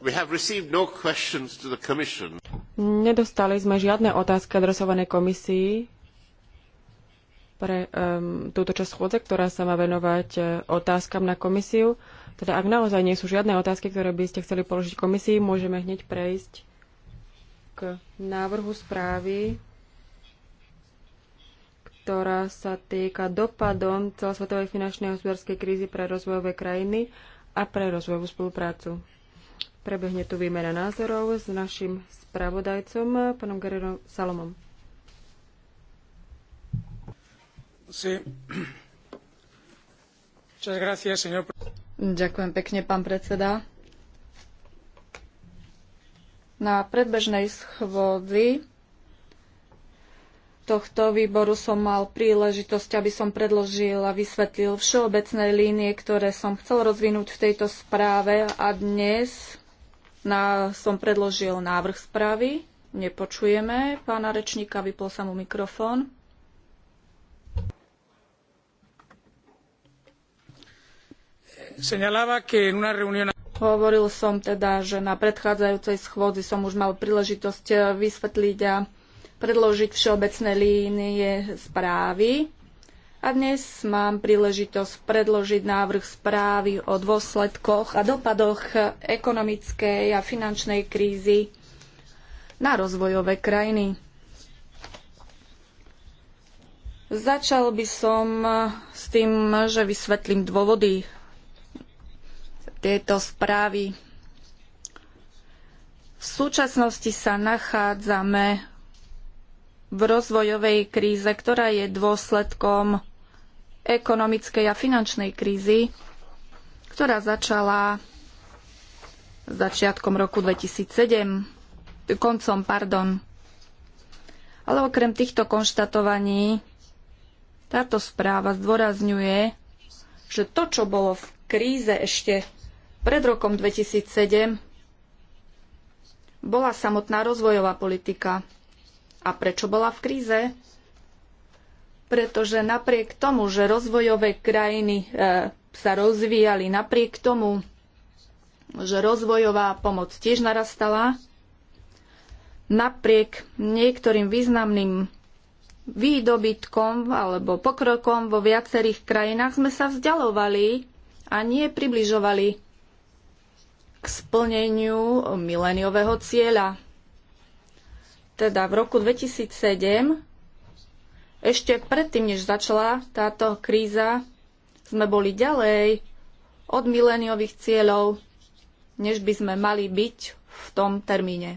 No Nedostali sme žiadne otázky adresované komisii pre um, túto časť schôdze, ktorá sa má venovať uh, otázkam na komisiu. Teda ak naozaj nie sú žiadne otázky, ktoré by ste chceli položiť komisii, môžeme hneď prejsť k návrhu správy, ktorá sa týka dopadom celosvetovej finančnej a hospodárskej krízy pre rozvojové krajiny a pre rozvojovú spoluprácu. Prebehne tu výmena názorov s našim spravodajcom, pánom Guerrero Salomom. Sí. Gracias, señor... Ďakujem pekne, pán predseda. Na predbežnej schôdzi tohto výboru som mal príležitosť, aby som predložil a vysvetlil všeobecné línie, ktoré som chcel rozvinúť v tejto správe a dnes na, som predložil návrh správy. Nepočujeme pána rečníka, vypol sa mu mikrofón. Señalaba que en una reunión Hovoril som teda, že na predchádzajúcej schôdzi som už mal príležitosť vysvetliť a predložiť všeobecné línie správy. A dnes mám príležitosť predložiť návrh správy o dôsledkoch a dopadoch ekonomickej a finančnej krízy na rozvojové krajiny. Začal by som s tým, že vysvetlím dôvody tieto správy. V súčasnosti sa nachádzame v rozvojovej kríze, ktorá je dôsledkom ekonomickej a finančnej krízy, ktorá začala začiatkom roku 2007, koncom, pardon. Ale okrem týchto konštatovaní táto správa zdôrazňuje, že to, čo bolo v kríze ešte pred rokom 2007, bola samotná rozvojová politika. A prečo bola v kríze? pretože napriek tomu, že rozvojové krajiny e, sa rozvíjali, napriek tomu, že rozvojová pomoc tiež narastala, napriek niektorým významným výdobytkom alebo pokrokom vo viacerých krajinách sme sa vzdialovali a nie približovali k splneniu mileniového cieľa. Teda v roku 2007 ešte predtým, než začala táto kríza, sme boli ďalej od miléniových cieľov, než by sme mali byť v tom termíne.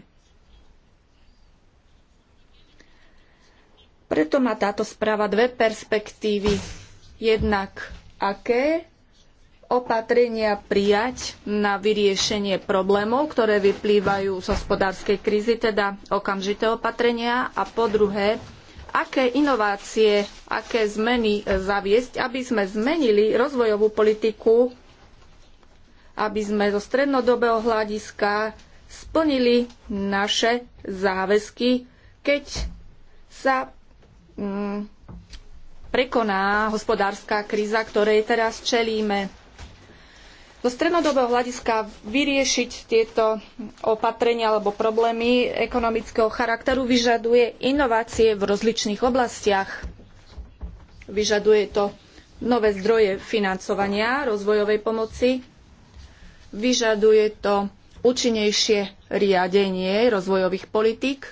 Preto má táto správa dve perspektívy. Jednak aké opatrenia prijať na vyriešenie problémov, ktoré vyplývajú z hospodárskej krízy, teda okamžité opatrenia. A po druhé, aké inovácie, aké zmeny e, zaviesť, aby sme zmenili rozvojovú politiku, aby sme zo strednodobého hľadiska splnili naše záväzky, keď sa mm, prekoná hospodárska kríza, ktorej teraz čelíme zo strednodobého hľadiska vyriešiť tieto opatrenia alebo problémy ekonomického charakteru vyžaduje inovácie v rozličných oblastiach. Vyžaduje to nové zdroje financovania rozvojovej pomoci, vyžaduje to účinnejšie riadenie rozvojových politík,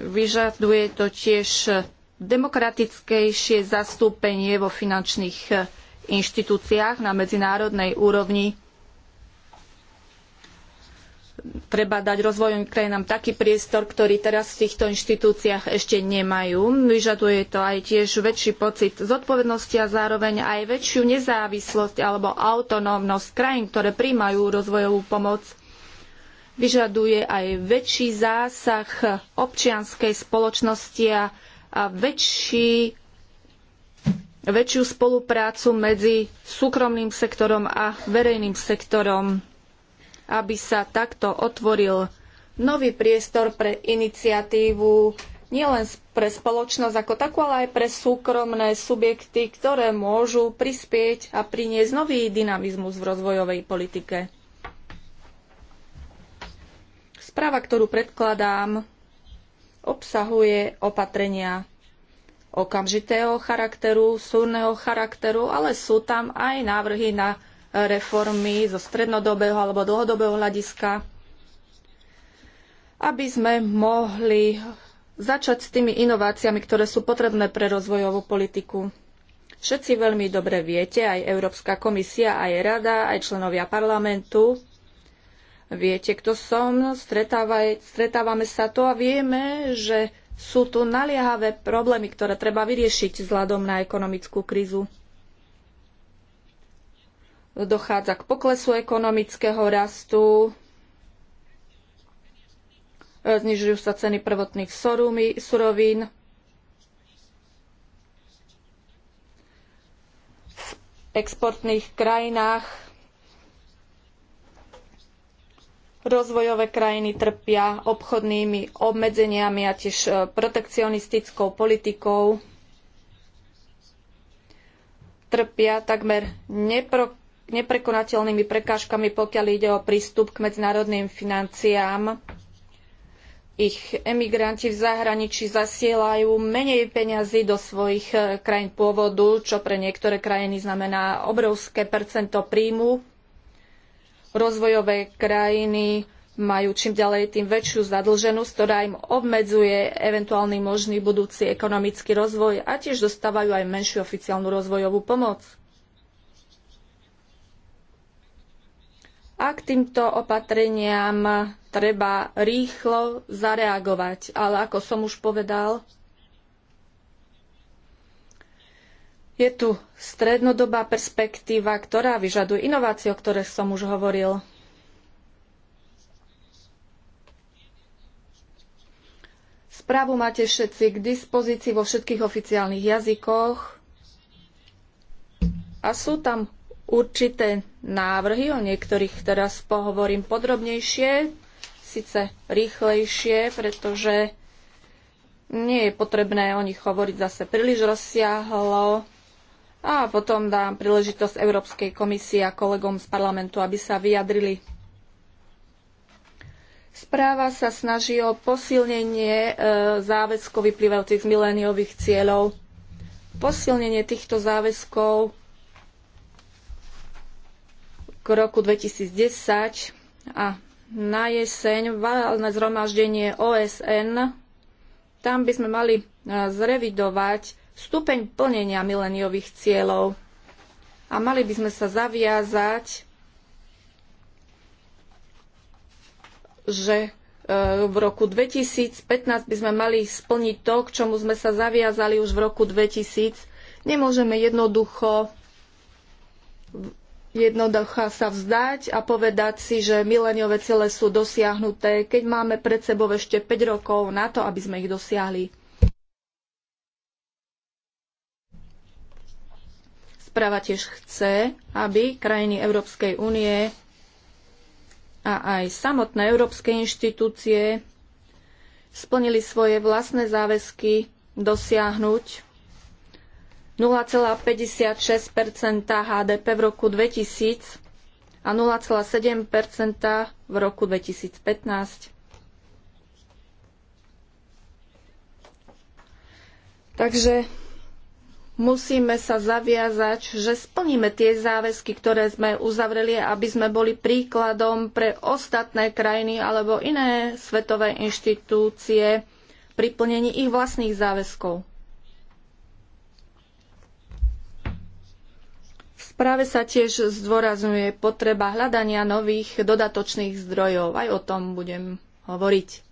vyžaduje to tiež demokratickejšie zastúpenie vo finančných inštitúciách na medzinárodnej úrovni treba dať rozvojovým krajinám taký priestor, ktorý teraz v týchto inštitúciách ešte nemajú. Vyžaduje to aj tiež väčší pocit zodpovednosti a zároveň aj väčšiu nezávislosť alebo autonómnosť krajín, ktoré príjmajú rozvojovú pomoc. Vyžaduje aj väčší zásah občianskej spoločnosti a, a väčší väčšiu spoluprácu medzi súkromným sektorom a verejným sektorom, aby sa takto otvoril nový priestor pre iniciatívu nielen pre spoločnosť ako takú, ale aj pre súkromné subjekty, ktoré môžu prispieť a priniesť nový dynamizmus v rozvojovej politike. Správa, ktorú predkladám, obsahuje opatrenia okamžitého charakteru, súrneho charakteru, ale sú tam aj návrhy na reformy zo strednodobého alebo dlhodobého hľadiska, aby sme mohli začať s tými inováciami, ktoré sú potrebné pre rozvojovú politiku. Všetci veľmi dobre viete, aj Európska komisia, aj Rada, aj členovia parlamentu, viete, kto som, stretávame sa to a vieme, že sú tu naliehavé problémy, ktoré treba vyriešiť vzhľadom na ekonomickú krízu. Dochádza k poklesu ekonomického rastu, znižujú sa ceny prvotných surovín, v exportných krajinách Rozvojové krajiny trpia obchodnými obmedzeniami a tiež e, protekcionistickou politikou. Trpia takmer nepro, neprekonateľnými prekážkami, pokiaľ ide o prístup k medzinárodným financiám. Ich emigranti v zahraničí zasielajú menej peňazí do svojich e, krajín pôvodu, čo pre niektoré krajiny znamená obrovské percento príjmu rozvojové krajiny majú čím ďalej tým väčšiu zadlženosť, ktorá im obmedzuje eventuálny možný budúci ekonomický rozvoj a tiež dostávajú aj menšiu oficiálnu rozvojovú pomoc. A k týmto opatreniam treba rýchlo zareagovať. Ale ako som už povedal, Je tu strednodobá perspektíva, ktorá vyžaduje inovácie, o ktorých som už hovoril. Správu máte všetci k dispozícii vo všetkých oficiálnych jazykoch a sú tam určité návrhy, o niektorých teraz pohovorím podrobnejšie, síce rýchlejšie, pretože nie je potrebné o nich hovoriť zase príliš rozsiahlo a potom dám príležitosť Európskej komisii a kolegom z parlamentu, aby sa vyjadrili. Správa sa snaží o posilnenie e, záväzkov vyplývajúcich z miléniových cieľov. Posilnenie týchto záväzkov k roku 2010 a na jeseň valné zhromaždenie OSN. Tam by sme mali e, zrevidovať stupeň plnenia mileniových cieľov. A mali by sme sa zaviazať, že e, v roku 2015 by sme mali splniť to, k čomu sme sa zaviazali už v roku 2000. Nemôžeme jednoducho jednoducho sa vzdať a povedať si, že mileniové ciele sú dosiahnuté, keď máme pred sebou ešte 5 rokov na to, aby sme ich dosiahli. správa tiež chce, aby krajiny Európskej únie a aj samotné európske inštitúcie splnili svoje vlastné záväzky dosiahnuť 0,56 HDP v roku 2000 a 0,7 v roku 2015. Takže musíme sa zaviazať, že splníme tie záväzky, ktoré sme uzavreli, aby sme boli príkladom pre ostatné krajiny alebo iné svetové inštitúcie pri plnení ich vlastných záväzkov. V správe sa tiež zdôrazňuje potreba hľadania nových dodatočných zdrojov. Aj o tom budem hovoriť.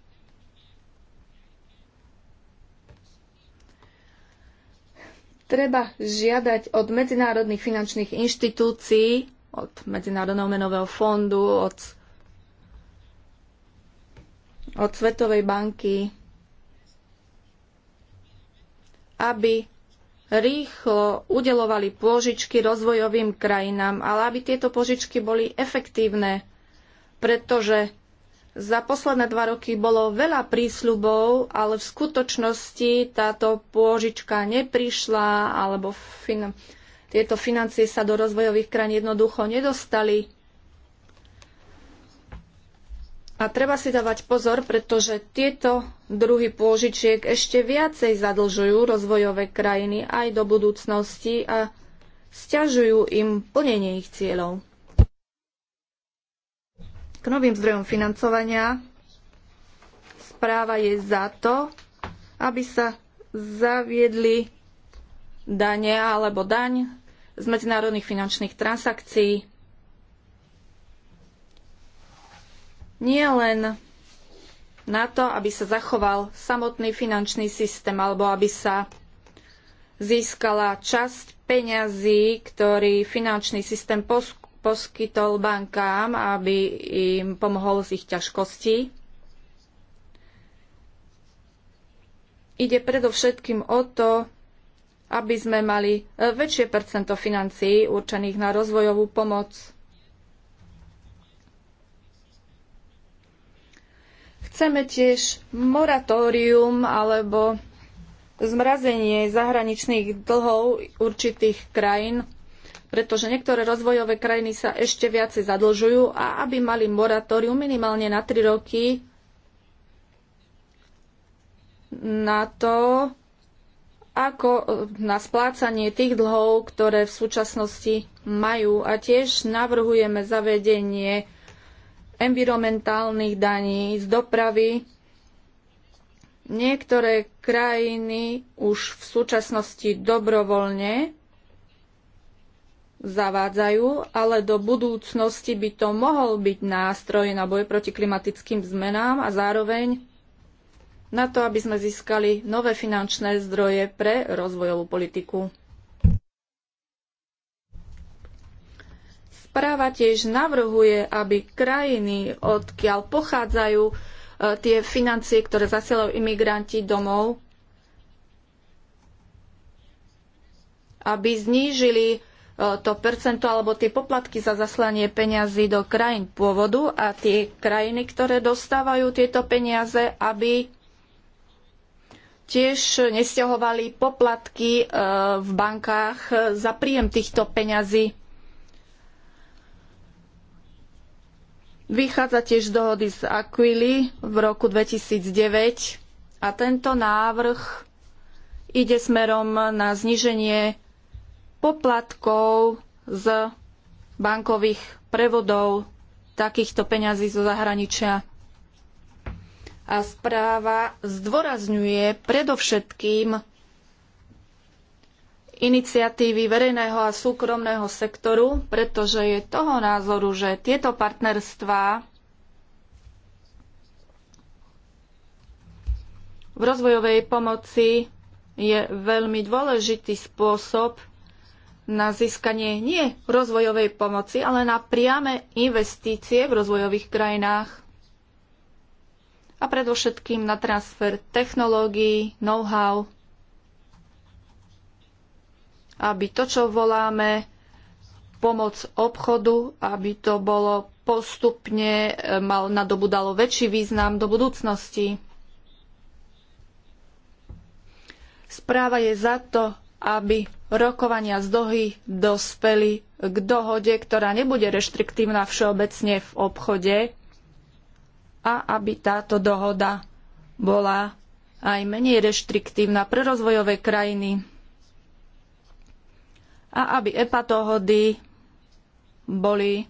treba žiadať od medzinárodných finančných inštitúcií, od Medzinárodného menového fondu, od, od Svetovej banky, aby rýchlo udelovali pôžičky rozvojovým krajinám, ale aby tieto pôžičky boli efektívne, pretože za posledné dva roky bolo veľa prísľubov, ale v skutočnosti táto pôžička neprišla, alebo fin- tieto financie sa do rozvojových krajín jednoducho nedostali. A treba si dávať pozor, pretože tieto druhy pôžičiek ešte viacej zadlžujú rozvojové krajiny aj do budúcnosti a stiažujú im plnenie ich cieľov k novým zdrojom financovania. Správa je za to, aby sa zaviedli dane alebo daň z medzinárodných finančných transakcií. Nie len na to, aby sa zachoval samotný finančný systém alebo aby sa získala časť peňazí, ktorý finančný systém poskytol bankám, aby im pomohol z ich ťažkostí. Ide predovšetkým o to, aby sme mali väčšie percento financií určených na rozvojovú pomoc. Chceme tiež moratórium alebo zmrazenie zahraničných dlhov určitých krajín pretože niektoré rozvojové krajiny sa ešte viacej zadlžujú a aby mali moratórium minimálne na 3 roky na to, ako eh, na splácanie tých dlhov, ktoré v súčasnosti majú. A tiež navrhujeme zavedenie environmentálnych daní z dopravy. Niektoré krajiny už v súčasnosti dobrovoľne zavádzajú, ale do budúcnosti by to mohol byť nástroj na boj proti klimatickým zmenám a zároveň na to, aby sme získali nové finančné zdroje pre rozvojovú politiku. Správa tiež navrhuje, aby krajiny, odkiaľ pochádzajú e, tie financie, ktoré zasielajú imigranti domov, aby znížili E, to percento alebo tie poplatky za zaslanie peňazí do krajín pôvodu a tie krajiny, ktoré dostávajú tieto peniaze, aby tiež nestiahovali poplatky e, v bankách za príjem týchto peňazí. Vychádza tiež z dohody z Aquily v roku 2009 a tento návrh ide smerom na zníženie poplatkov z bankových prevodov takýchto peňazí zo zahraničia. A správa zdôrazňuje predovšetkým iniciatívy verejného a súkromného sektoru, pretože je toho názoru, že tieto partnerstvá v rozvojovej pomoci je veľmi dôležitý spôsob, na získanie nie rozvojovej pomoci, ale na priame investície v rozvojových krajinách a predovšetkým na transfer technológií, know-how, aby to, čo voláme pomoc obchodu, aby to bolo postupne e, mal nadobudalo väčší význam do budúcnosti. Správa je za to, aby rokovania z Dohy dospeli k dohode, ktorá nebude reštriktívna všeobecne v obchode a aby táto dohoda bola aj menej reštriktívna pre rozvojové krajiny a aby EPA dohody boli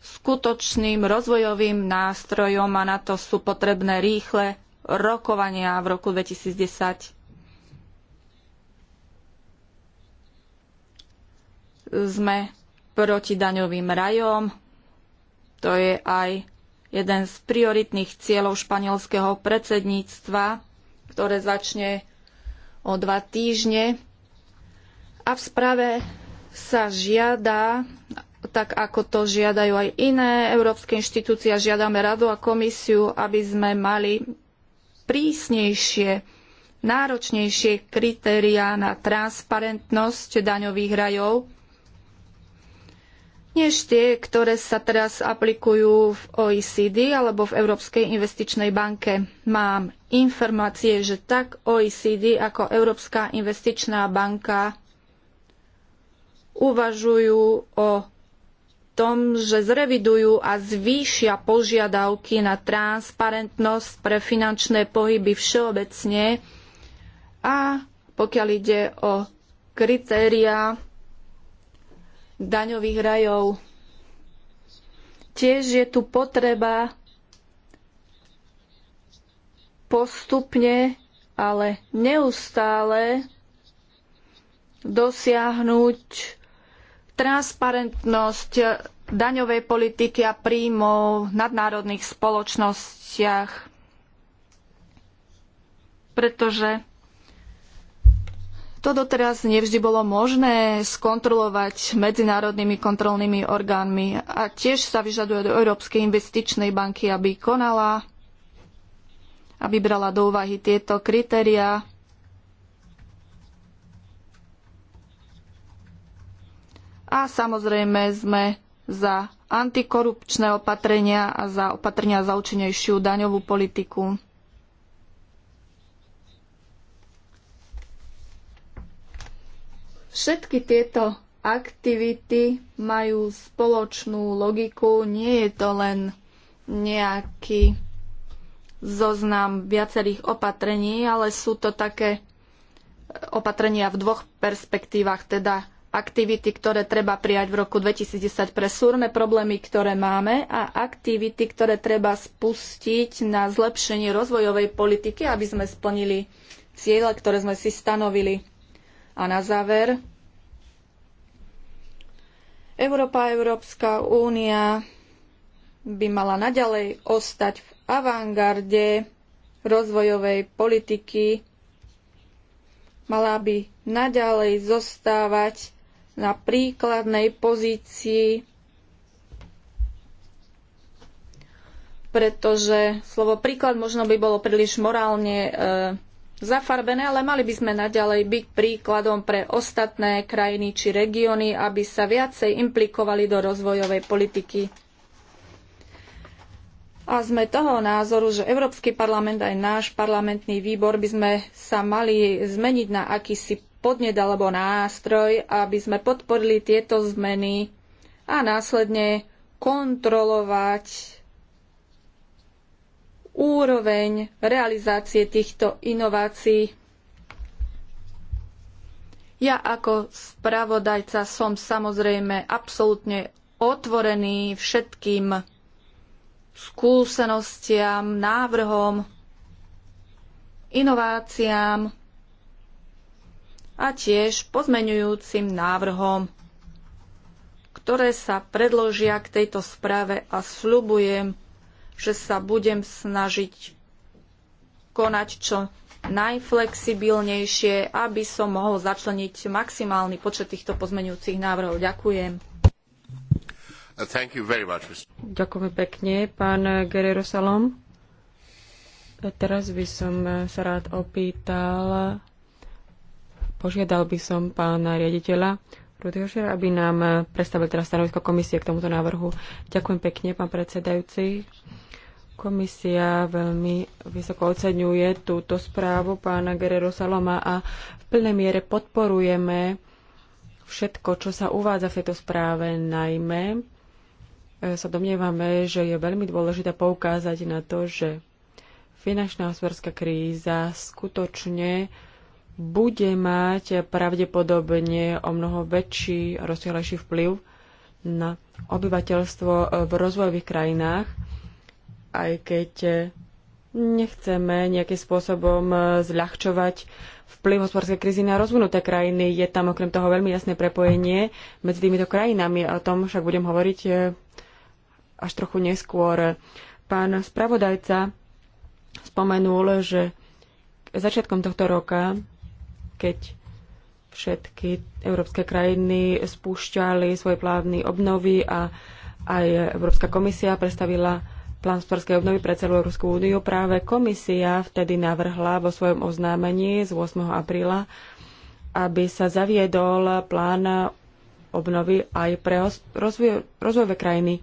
skutočným rozvojovým nástrojom a na to sú potrebné rýchle rokovania v roku 2010. Sme proti daňovým rajom. To je aj jeden z prioritných cieľov španielského predsedníctva, ktoré začne o dva týždne. A v správe sa žiada, tak ako to žiadajú aj iné európske inštitúcie, žiadame radu a komisiu, aby sme mali prísnejšie, náročnejšie kritériá na transparentnosť daňových rajov než tie, ktoré sa teraz aplikujú v OECD alebo v Európskej investičnej banke. Mám informácie, že tak OECD ako Európska investičná banka uvažujú o tom, že zrevidujú a zvýšia požiadavky na transparentnosť pre finančné pohyby všeobecne a pokiaľ ide o kritériá daňových rajov. Tiež je tu potreba postupne, ale neustále dosiahnuť transparentnosť daňovej politiky a príjmov v nadnárodných spoločnostiach, pretože to doteraz nevždy bolo možné skontrolovať medzinárodnými kontrolnými orgánmi a tiež sa vyžaduje od Európskej investičnej banky, aby konala, aby brala do úvahy tieto kritériá. A samozrejme sme za antikorupčné opatrenia a za opatrenia za účinnejšiu daňovú politiku. Všetky tieto aktivity majú spoločnú logiku, nie je to len nejaký zoznam viacerých opatrení, ale sú to také e, opatrenia v dvoch perspektívach, teda aktivity, ktoré treba prijať v roku 2010 pre súrne problémy, ktoré máme a aktivity, ktoré treba spustiť na zlepšenie rozvojovej politiky, aby sme splnili ciele, ktoré sme si stanovili. A na záver, Európa, Európska únia by mala naďalej ostať v avantgarde rozvojovej politiky, mala by naďalej zostávať na príkladnej pozícii, pretože slovo príklad možno by bolo príliš morálne e, zafarbené, ale mali by sme naďalej byť príkladom pre ostatné krajiny či regióny, aby sa viacej implikovali do rozvojovej politiky. A sme toho názoru, že Európsky parlament aj náš parlamentný výbor by sme sa mali zmeniť na akýsi podnet alebo nástroj, aby sme podporili tieto zmeny a následne kontrolovať úroveň realizácie týchto inovácií. Ja ako spravodajca som samozrejme absolútne otvorený všetkým skúsenostiam, návrhom, inováciám a tiež pozmenujúcim návrhom, ktoré sa predložia k tejto správe a slubujem, že sa budem snažiť konať čo najflexibilnejšie, aby som mohol začleniť maximálny počet týchto pozmeňujúcich návrhov. Ďakujem. Uh, much, Ďakujem pekne, pán Guerrero Salom. A teraz by som sa rád opýtal, požiadal by som pána riaditeľa Rudyhošer, aby nám predstavil teraz stanovisko komisie k tomuto návrhu. Ďakujem pekne, pán predsedajúci. Komisia veľmi vysoko oceňuje túto správu pána Guerrero Saloma a v plnej miere podporujeme všetko, čo sa uvádza v tejto správe, najmä e, sa domnievame, že je veľmi dôležité poukázať na to, že finančná hospodárska kríza skutočne bude mať pravdepodobne o mnoho väčší, rozsiahlejší vplyv na obyvateľstvo v rozvojových krajinách aj keď e, nechceme nejakým spôsobom e, zľahčovať vplyv hospodárskej krízy na rozvinuté krajiny. Je tam okrem toho veľmi jasné prepojenie medzi týmito krajinami. O tom však budem hovoriť e, až trochu neskôr. Pán spravodajca spomenul, že začiatkom tohto roka, keď všetky európske krajiny spúšťali svoje plávny obnovy a aj Európska komisia predstavila plán sporskej obnovy pre celú Európsku úniu, práve komisia vtedy navrhla vo svojom oznámení z 8. apríla, aby sa zaviedol plán obnovy aj pre rozvoj, rozvojové krajiny.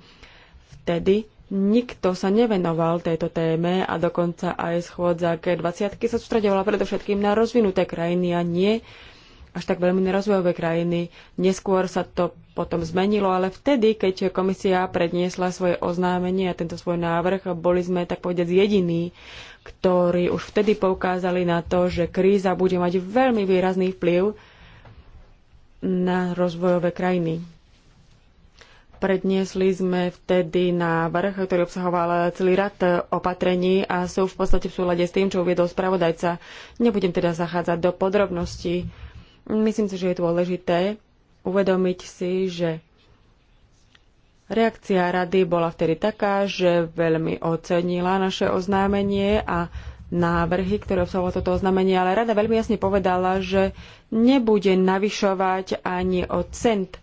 Vtedy nikto sa nevenoval tejto téme a dokonca aj schôdza G20 sa sústredovala predovšetkým na rozvinuté krajiny a nie až tak veľmi nerozvojové rozvojové krajiny. Neskôr sa to potom zmenilo, ale vtedy, keď komisia predniesla svoje oznámenie a tento svoj návrh, boli sme tak povedať jediní, ktorí už vtedy poukázali na to, že kríza bude mať veľmi výrazný vplyv na rozvojové krajiny. Predniesli sme vtedy návrh, ktorý obsahoval celý rad opatrení a sú v podstate v súlade s tým, čo uviedol spravodajca. Nebudem teda zachádzať do podrobností Myslím si, že je dôležité uvedomiť si, že reakcia rady bola vtedy taká, že veľmi ocenila naše oznámenie a návrhy, ktoré obsahovalo toto oznámenie, ale rada veľmi jasne povedala, že nebude navyšovať ani o cent,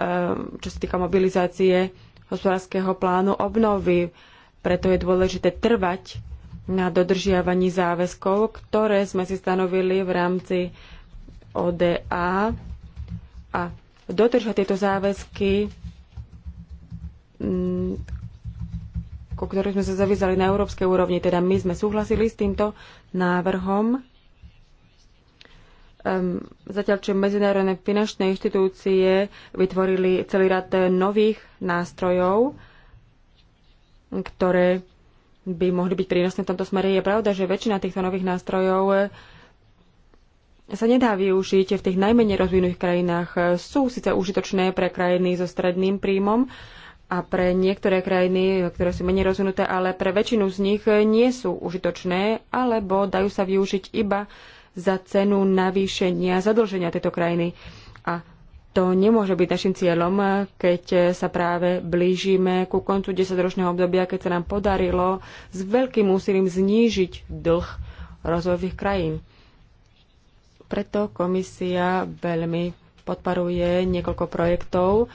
ehm, čo sa týka mobilizácie hospodárskeho plánu obnovy. Preto je dôležité trvať na dodržiavaní záväzkov, ktoré sme si stanovili v rámci ODA a dodržať tieto záväzky, mm, ku ktorým sme sa zavízali na európskej úrovni. Teda my sme súhlasili s týmto návrhom. Um, zatiaľ, čo medzinárodné finančné inštitúcie vytvorili celý rad nových nástrojov, ktoré by mohli byť prínosné v tomto smere. Je pravda, že väčšina týchto nových nástrojov sa nedá využiť v tých najmenej rozvinutých krajinách. Sú síce užitočné pre krajiny so stredným príjmom a pre niektoré krajiny, ktoré sú menej rozvinuté, ale pre väčšinu z nich nie sú užitočné alebo dajú sa využiť iba za cenu navýšenia zadlženia tejto krajiny. A to nemôže byť našim cieľom, keď sa práve blížime ku koncu 10-ročného obdobia, keď sa nám podarilo s veľkým úsilím znížiť dlh rozvojových krajín. Preto komisia veľmi podporuje niekoľko projektov,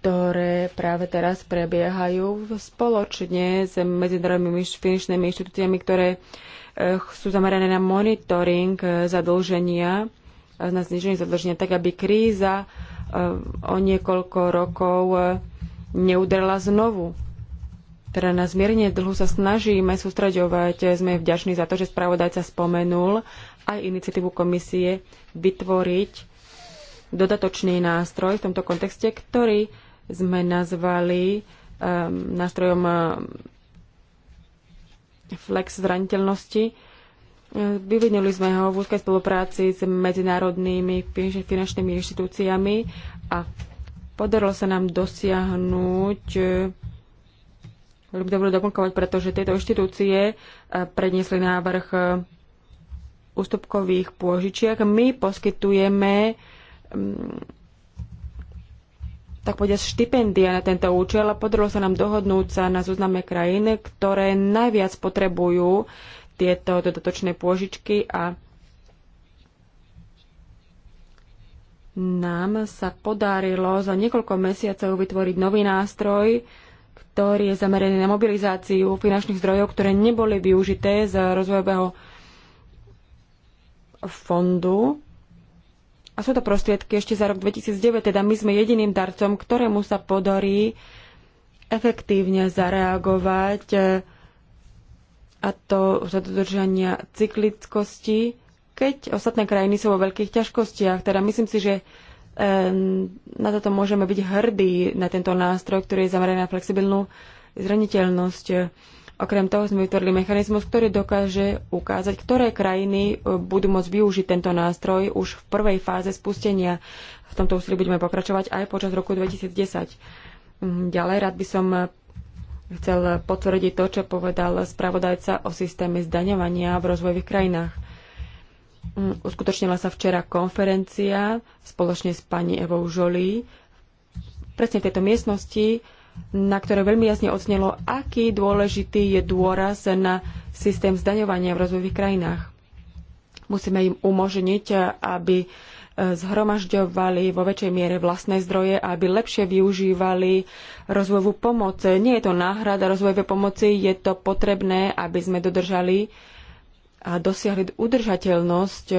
ktoré práve teraz prebiehajú spoločne s medzinárodnými finančnými inštitúciami, ktoré eh, sú zamerané na monitoring eh, zadlženia, eh, na zniženie zadlženia, tak aby kríza o niekoľko rokov neudrela znovu teda na zmierenie dlhu sa snažíme sústraďovať. Sme vďační za to, že spravodajca spomenul aj iniciatívu komisie vytvoriť dodatočný nástroj v tomto kontexte, ktorý sme nazvali um, nástrojom ehm, flex zraniteľnosti. Ehm, vyvinuli sme ho v úzkej spolupráci s medzinárodnými finančnými inštitúciami a podarilo sa nám dosiahnuť by dobre doplnkovať, pretože tieto inštitúcie eh, predniesli návrh eh, ústupkových pôžičiek. My poskytujeme mm, tak povedia štipendia na tento účel a podarilo sa nám dohodnúť sa na zozname krajín, ktoré najviac potrebujú tieto dodatočné pôžičky a nám sa podarilo za niekoľko mesiacov vytvoriť nový nástroj, ktorý je zameraný na mobilizáciu finančných zdrojov, ktoré neboli využité z rozvojového fondu. A sú to prostriedky ešte za rok 2009, teda my sme jediným darcom, ktorému sa podarí efektívne zareagovať e, a to za dodržania cyklickosti, keď ostatné krajiny sú vo veľkých ťažkostiach. Teda myslím si, že na toto môžeme byť hrdí, na tento nástroj, ktorý je zameraný na flexibilnú zraniteľnosť. Okrem toho sme vytvorili mechanizmus, ktorý dokáže ukázať, ktoré krajiny e, budú môcť využiť tento nástroj už v prvej fáze spustenia. V tomto úsilí budeme pokračovať aj počas roku 2010. Ďalej rád by som e, chcel potvrdiť to, čo povedal spravodajca o systéme zdaňovania v rozvojových krajinách. Mm, uskutočnila sa včera konferencia spoločne s pani Evou Žolí presne v tejto miestnosti, na ktoré veľmi jasne odsnelo, aký dôležitý je dôraz na systém zdaňovania v rozvojových krajinách. Musíme im umožniť, aby e, zhromažďovali vo väčšej miere vlastné zdroje, aby lepšie využívali rozvojovú pomoc. Nie je to náhrada rozvojovej pomoci, je to potrebné, aby sme dodržali a dosiahli udržateľnosť e,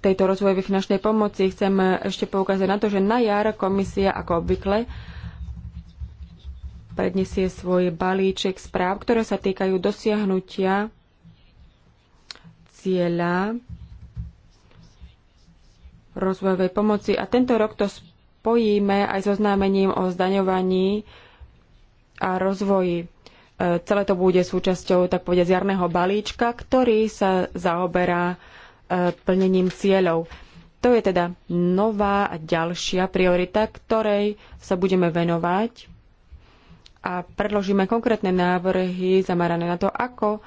tejto rozvojovej finančnej pomoci. Chcem e, ešte poukázať na to, že na jar komisia ako obvykle predniesie svoj balíček správ, ktoré sa týkajú dosiahnutia cieľa rozvojovej pomoci. A tento rok to spojíme aj so známením o zdaňovaní a rozvoji. Celé to bude súčasťou, tak povedať, jarného balíčka, ktorý sa zaoberá e, plnením cieľov. To je teda nová a ďalšia priorita, ktorej sa budeme venovať a predložíme konkrétne návrhy zamerané na to, ako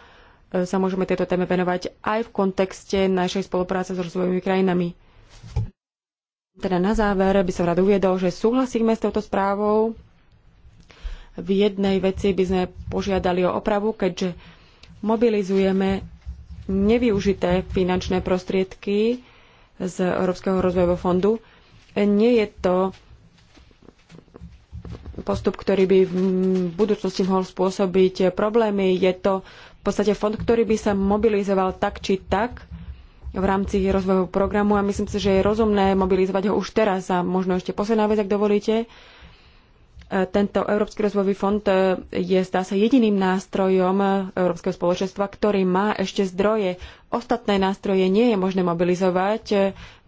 e, sa môžeme tejto téme venovať aj v kontexte našej spolupráce s rozvojovými krajinami. Teda na záver by som rád uviedol, že súhlasíme s touto správou, v jednej veci by sme požiadali o opravu, keďže mobilizujeme nevyužité finančné prostriedky z Európskeho rozvojového fondu. Nie je to postup, ktorý by v budúcnosti mohol spôsobiť problémy. Je to v podstate fond, ktorý by sa mobilizoval tak či tak v rámci rozvojového programu a myslím si, že je rozumné mobilizovať ho už teraz a možno ešte posledná vec, ak dovolíte. Tento Európsky rozvojový fond e, je, zdá sa, jediným nástrojom e, Európskeho spoločenstva, ktorý má ešte zdroje. Ostatné nástroje nie je možné mobilizovať e,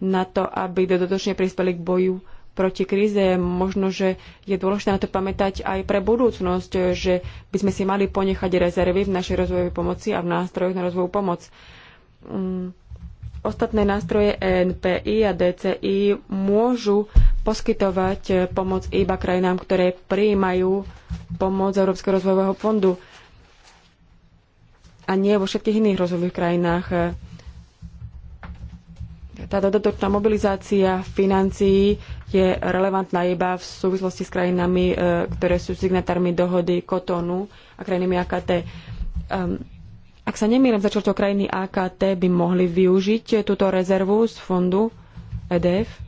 na to, aby dodatočne prispeli k boju proti kríze. Možno, že je dôležité na to pamätať aj pre budúcnosť, že by sme si mali ponechať rezervy v našej rozvojovej pomoci a v nástrojoch na rozvojovú pomoc. Mm. Ostatné nástroje ENPI a DCI môžu poskytovať eh, pomoc iba krajinám, ktoré prijímajú pomoc Európskeho rozvojového fondu a nie vo všetkých iných rozvojových krajinách. Eh, tá dodatočná mobilizácia financií je relevantná iba v súvislosti s krajinami, eh, ktoré sú signatármi dohody Kotonu a krajinami AKT. Ehm, ak sa nemýlim, začal to krajiny AKT by mohli využiť túto rezervu z fondu EDF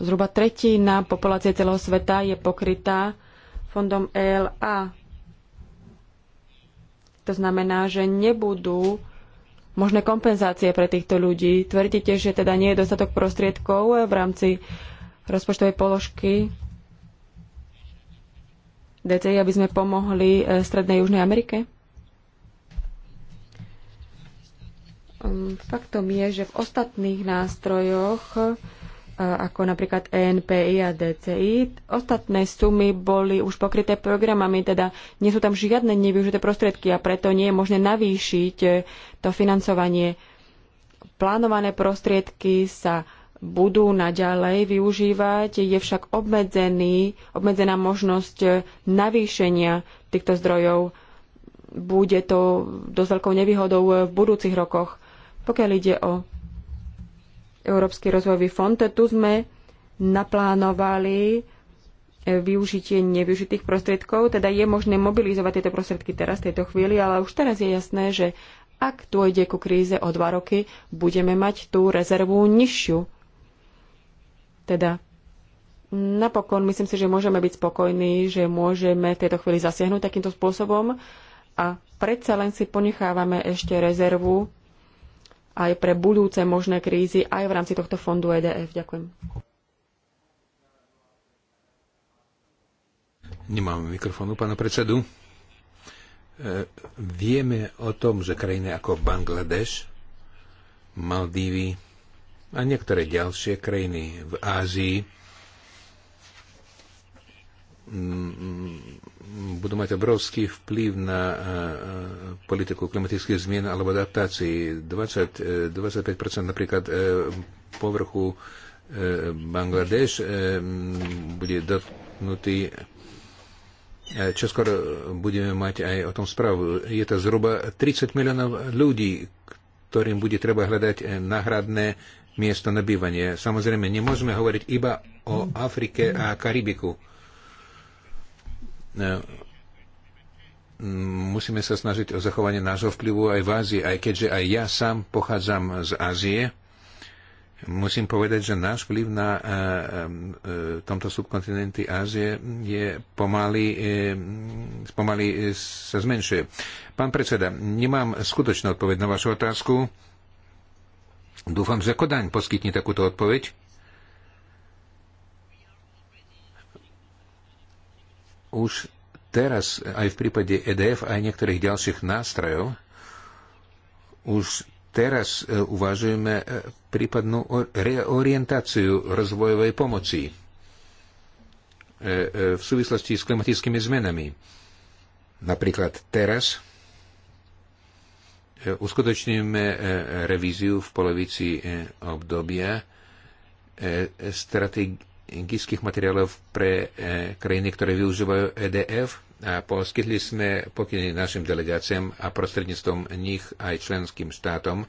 Zhruba tretina populácie celého sveta je pokrytá fondom ELA. To znamená, že nebudú možné kompenzácie pre týchto ľudí. Tvrdíte, že teda nie je dostatok prostriedkov v rámci rozpočtovej položky DCI, aby sme pomohli e, Strednej Južnej Amerike? Ehm, faktom je, že v ostatných nástrojoch ako napríklad ENPI a DCI. Ostatné sumy boli už pokryté programami, teda nie sú tam žiadne nevyužité prostriedky a preto nie je možné navýšiť e, to financovanie. Plánované prostriedky sa budú naďalej využívať, je však obmedzený, obmedzená možnosť e, navýšenia týchto zdrojov. Bude to dosť veľkou nevýhodou e, v budúcich rokoch. Pokiaľ ide o Európsky rozvojový fond. Tu sme naplánovali e, využitie nevyužitých prostriedkov, teda je možné mobilizovať tieto prostriedky teraz, v tejto chvíli, ale už teraz je jasné, že ak dôjde ku kríze o dva roky, budeme mať tú rezervu nižšiu. Teda napokon myslím si, že môžeme byť spokojní, že môžeme v tejto chvíli zasiahnuť takýmto spôsobom a predsa len si ponechávame ešte rezervu aj pre budúce možné krízy aj v rámci tohto fondu EDF. Ďakujem. Nemám mikrofónu, pána predsedu. E, vieme o tom, že krajiny ako Bangladeš, Maldívy a niektoré ďalšie krajiny v Ázii budú mať obrovský vplyv na e, e, politiku klimatických zmien alebo adaptácií. 20-25% e, napríklad povrchu Bangladeš bude dotknutý čo skoro budeme mať aj o tom správu. Je to zhruba 30 miliónov ľudí, ktorým bude treba hľadať náhradné miesto na bývanie. Samozrejme, nemôžeme hovoriť iba o Afrike a Karibiku musíme sa snažiť o zachovanie nášho vplyvu aj v Ázii, aj keďže aj ja sám pochádzam z Ázie. Musím povedať, že náš vplyv na e, e, e, tomto subkontinente Ázie je pomaly, pomaly sa zmenšuje. Pán predseda, nemám skutočnú odpoveď na vašu otázku. Dúfam, že Kodaň poskytne takúto odpoveď. už teraz aj v prípade EDF aj niektorých ďalších nástrojov už teraz e, uvažujeme e, prípadnú reorientáciu rozvojovej pomoci e, v súvislosti s klimatickými zmenami. Napríklad teraz uskutočníme revíziu v polovici obdobia stratég- genetických materiálov pre eh, krajiny, ktoré využívajú EDF a poskytli sme pokyny našim delegáciám a prostredníctvom nich aj členským štátom.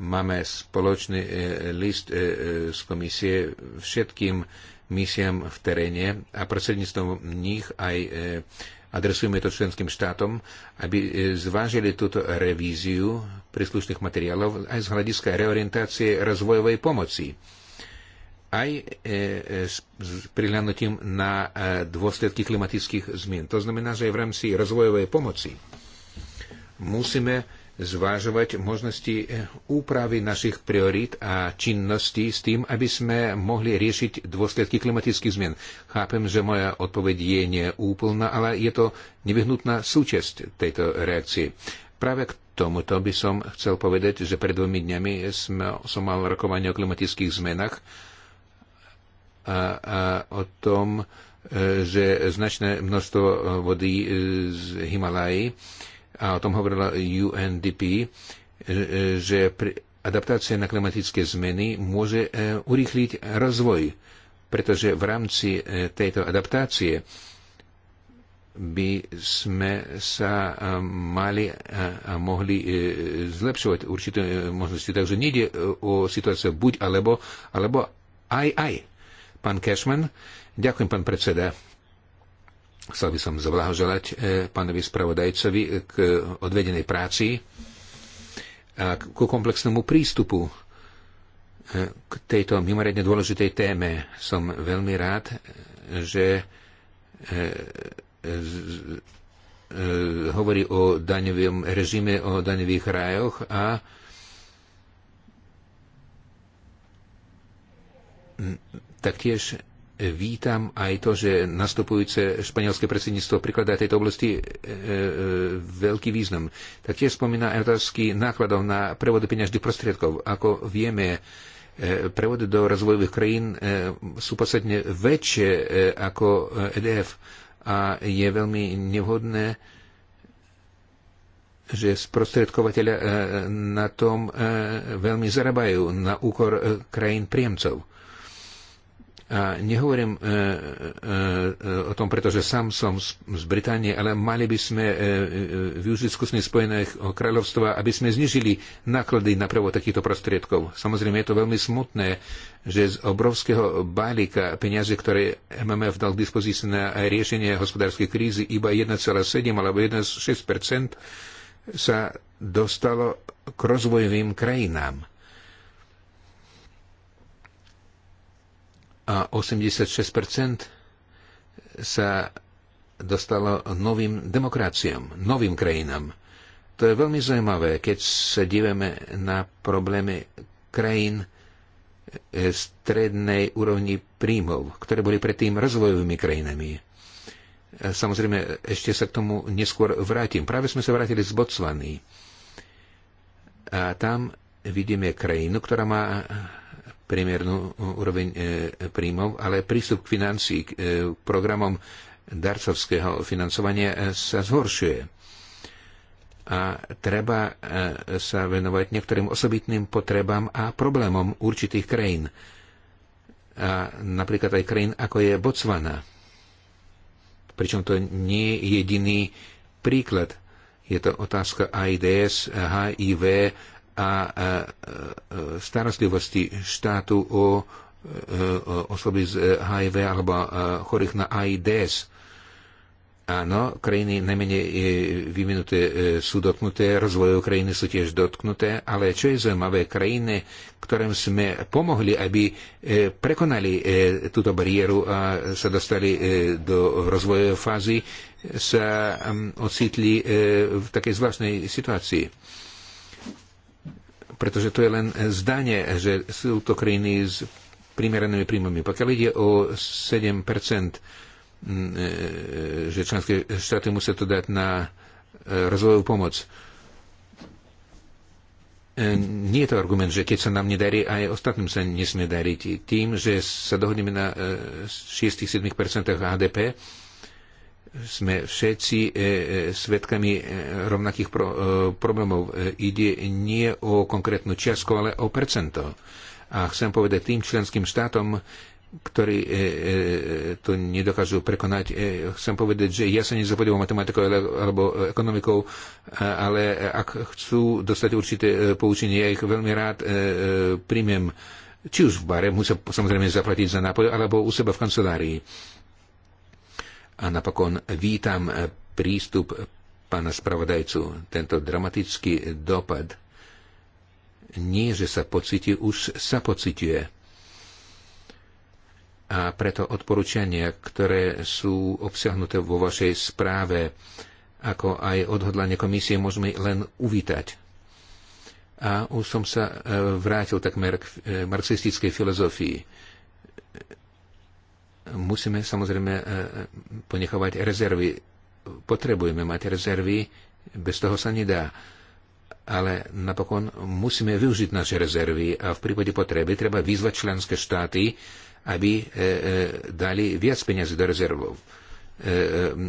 Máme spoločný eh, list eh, z komisie všetkým misiám v teréne a prostredníctvom nich aj adresujeme to členským štátom, aby zvážili túto revíziu príslušných materiálov aj z hľadiska reorientácie rozvojovej pomoci aj e, e, s prihľadnutím na e, dôsledky klimatických zmien. To znamená, že aj v rámci rozvojovej pomoci musíme zvážovať možnosti úpravy našich priorít a činností s tým, aby sme mohli riešiť dôsledky klimatických zmien. Chápem, že moja odpoveď je neúplná, ale je to nevyhnutná súčasť tejto reakcie. Práve k tomuto by som chcel povedať, že pred dvomi dňami som mal rokovanie o klimatických zmenách a, a o tom, e, že značné množstvo vody e, z Himalají, a o tom hovorila UNDP, e, že adaptácia na klimatické zmeny môže urýchliť rozvoj, pretože v rámci tejto adaptácie by sme sa mali a mohli zlepšovať určité možnosti. Takže nejde o situáciu buď alebo, alebo aj aj. Pán Cashman. Ďakujem, pán predseda. Chcel by som zablahoželať e, pánovi spravodajcovi k odvedenej práci a ku komplexnému prístupu e, k tejto mimoriadne dôležitej téme. Som veľmi rád, že e, hovorí o daňovom režime, o daňových rájoch a Taktiež vítam aj to, že nastupujúce španielské predsedníctvo prikladá tejto oblasti e, e, veľký význam. Taktiež spomína aj otázky nákladov na prevody peňažných prostriedkov. Ako vieme, e, prevody do rozvojových krajín e, sú podstatne väčšie e, ako EDF a je veľmi nevhodné že sprostredkovateľe na tom e, veľmi zarábajú na úkor e, krajín príjemcov. A nehovorím e, e, e, o tom, pretože sám som z Británie, ale mali by sme využiť skúsne Spojeného kráľovstva, aby sme znižili náklady na prevo takýchto prostriedkov. Samozrejme, je to veľmi smutné, že z obrovského balíka peniaze, ktoré MMF dal k dispozícii na riešenie hospodárskej krízy, iba 1,7 alebo 1,6 sa dostalo k rozvojovým krajinám. a 86% sa dostalo novým demokraciám, novým krajinám. To je veľmi zaujímavé, keď sa dívame na problémy krajín eh, strednej úrovni príjmov, ktoré boli predtým rozvojovými krajinami. Eh, samozrejme, ešte sa k tomu neskôr vrátim. Práve sme sa vrátili z Botswany. A tam vidíme krajinu, ktorá má priemernú úroveň e, príjmov, ale prístup k financií, k e, programom darcovského financovania e, sa zhoršuje. A treba sa venovať niektorým osobitným potrebám a problémom určitých krajín. A napríklad aj krajín, ako je Botswana. Pričom to nie je jediný príklad. Je to otázka AIDS, HIV, a e, starostlivosti štátu o e, osoby z HIV alebo e, chorých na AIDS. Áno, krajiny najmenej vyvinuté sú dotknuté, rozvojové krajiny sú tiež dotknuté, ale čo je zaujímavé, krajiny, ktorým sme pomohli, aby prekonali túto bariéru a sa dostali do rozvojovej fázy, sa ocitli v takej zvláštnej situácii pretože to je len zdanie, že sú to krajiny s primeranými príjmami. Pokiaľ ide o 7 mm, e, e, že členské štáty musia to dať na e, rozvojovú pomoc. Nie je to argument, že keď sa nám nedarí, aj ostatným sa nesmie dariť. Tým, že sa dohodneme na 6-7% HDP, sme všetci e, e, svetkami e, rovnakých problémov. Ide nie o konkrétnu čiastku, ale o percento. A chcem povedať tým členským štátom, ktorí to nedokážu prekonať. Chcem povedať, že ja sa nezapodívam matematikou alebo ekonomikou, ale ak chcú dostať určité poučenie, ja ich veľmi rád príjmem či už v bare, musia samozrejme zaplatiť za nápoj, alebo u seba v kancelárii a napokon vítam eh, prístup pána spravodajcu. Tento dramatický dopad nie, že sa pocíti, už sa pociťuje. A preto odporúčania, ktoré sú obsiahnuté vo vašej správe, ako aj odhodlanie komisie, môžeme len uvítať. A už som sa eh, vrátil takmer k eh, marxistickej filozofii musíme samozrejme e, e, ponechovať rezervy. Potrebujeme mať rezervy, bez toho sa nedá. Ale napokon musíme využiť naše rezervy a v prípade potreby treba vyzvať členské štáty, aby e, dali viac peniazy do rezervov.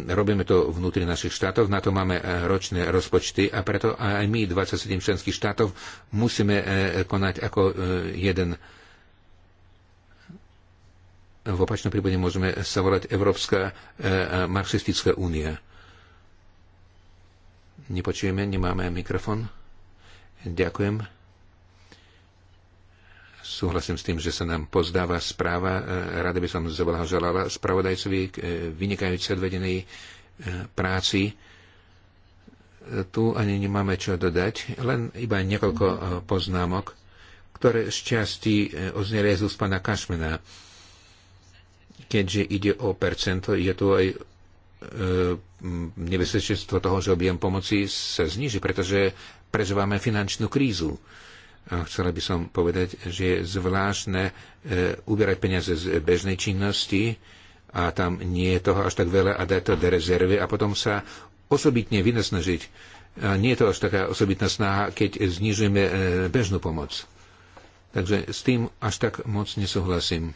Robíme to vnútri našich štátov, na to máme ročné rozpočty a preto aj my, 27 členských štátov, musíme konať ako jeden v opačnom prípade môžeme sa volať Európska e, marxistická únia. Nepočujeme, nemáme mikrofon. Ďakujem. Súhlasím s tým, že sa nám pozdáva správa. E, rada by som zablahoželala spravodajcovi k e, vynikajúce odvedenej e, práci. Tu ani nemáme čo dodať, len iba niekoľko poznámok, ktoré z časti ozneli z úst pána Kašmena Keďže ide o percento, je tu aj e, nebezpečenstvo toho, že objem pomoci sa zniží, pretože prežívame finančnú krízu. A chcela by som povedať, že je zvláštne e, uberať peniaze z bežnej činnosti a tam nie je toho až tak veľa a dať to do rezervy a potom sa osobitne vynasnažiť. A nie je to až taká osobitná snaha, keď znižujeme e, bežnú pomoc. Takže s tým až tak moc nesúhlasím.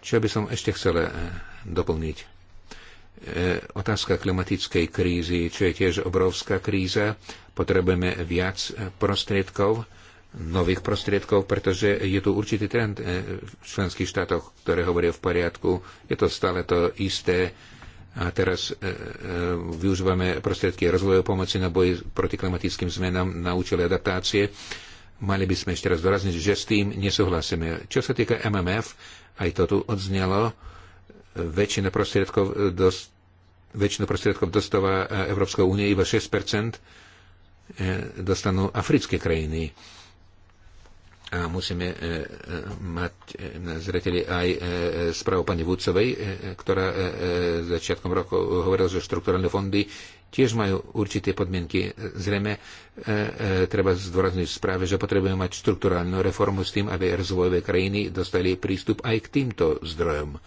Čo by som ešte chcel eh, doplniť? Eh, otázka klimatickej krízy, čo je tiež obrovská kríza. Potrebujeme viac eh, prostriedkov, nových prostriedkov, pretože je tu určitý trend v členských štátoch, ktoré hovoria v poriadku. Je to stále to isté. A teraz využívame prostriedky rozvojovej pomoci na boj proti klimatickým zmenám, na účely adaptácie. Mali by sme ešte raz dorazniť, že s tým nesúhlasíme. Čo sa týka MMF, aj to tu odznelo, väčšina prostriedkov, dosť väčšinu prostriedkov dostáva e, Európska únie iba 6% e, dostanú africké krajiny. A musíme e, mať na zreteli aj správu pani Vúcovej, ktorá začiatkom roku hovorila, že štrukturálne fondy tiež majú určité podmienky. Zrejme e, e, treba zdôrazniť v správe, že potrebujeme mať štruktúrálnu reformu s tým, aby rozvojové krajiny dostali prístup aj k týmto zdrojom.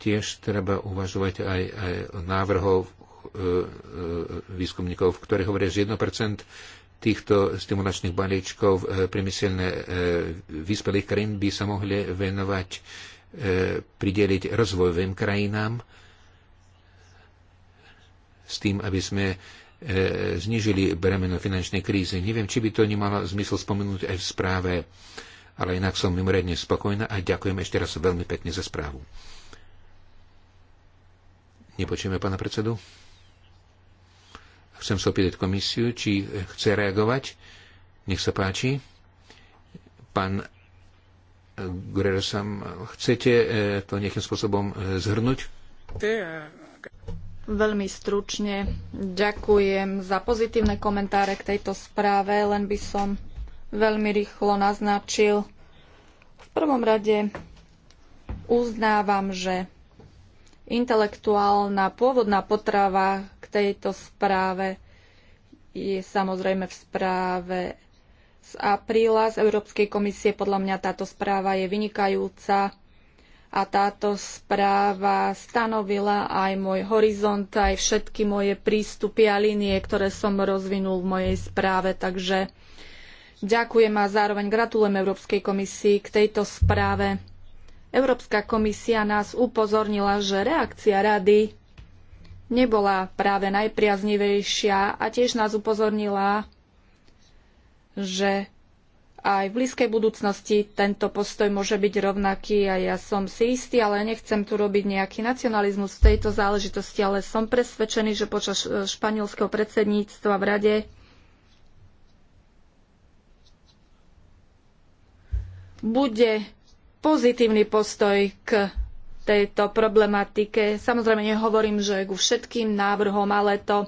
Tiež treba uvažovať aj, aj návrhov e, e, výskumníkov, ktoré hovoria, že 1% týchto stimulačných balíčkov e, priemyselné e, vyspelých krajín by sa mohli venovať, e, prideliť rozvojovým krajinám s tým, aby sme znižili bremeno finančnej krízy. Neviem, či by to nemalo zmysel spomenúť aj v správe, ale inak som mimoriadne spokojná a ďakujem ešte raz veľmi pekne za správu. Nepočujeme pána predsedu? Chcem sa opýtať komisiu, či chce reagovať. Nech sa páči. Pán Gurersam, chcete eh, to nejakým spôsobom eh, zhrnúť? Veľmi stručne ďakujem za pozitívne komentáre k tejto správe, len by som veľmi rýchlo naznačil. V prvom rade uznávam, že intelektuálna pôvodná potrava tejto správe je samozrejme v správe z apríla z Európskej komisie. Podľa mňa táto správa je vynikajúca a táto správa stanovila aj môj horizont, aj všetky moje prístupy a línie, ktoré som rozvinul v mojej správe. Takže ďakujem a zároveň gratulujem Európskej komisii k tejto správe. Európska komisia nás upozornila, že reakcia rady nebola práve najpriaznivejšia a tiež nás upozornila, že aj v blízkej budúcnosti tento postoj môže byť rovnaký a ja som si istý, ale nechcem tu robiť nejaký nacionalizmus v tejto záležitosti, ale som presvedčený, že počas e, španielského predsedníctva v rade bude pozitívny postoj k tejto problematike. Samozrejme nehovorím, že ku všetkým návrhom, ale to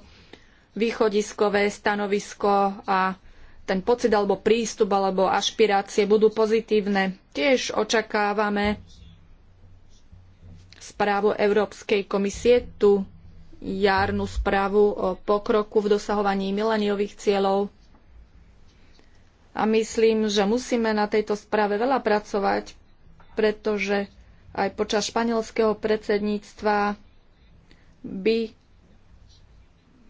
východiskové stanovisko a ten pocit alebo prístup alebo ašpirácie budú pozitívne. Tiež očakávame správu Európskej komisie, tú jarnú správu o pokroku v dosahovaní mileniových cieľov. A myslím, že musíme na tejto správe veľa pracovať, pretože aj počas španielského predsedníctva by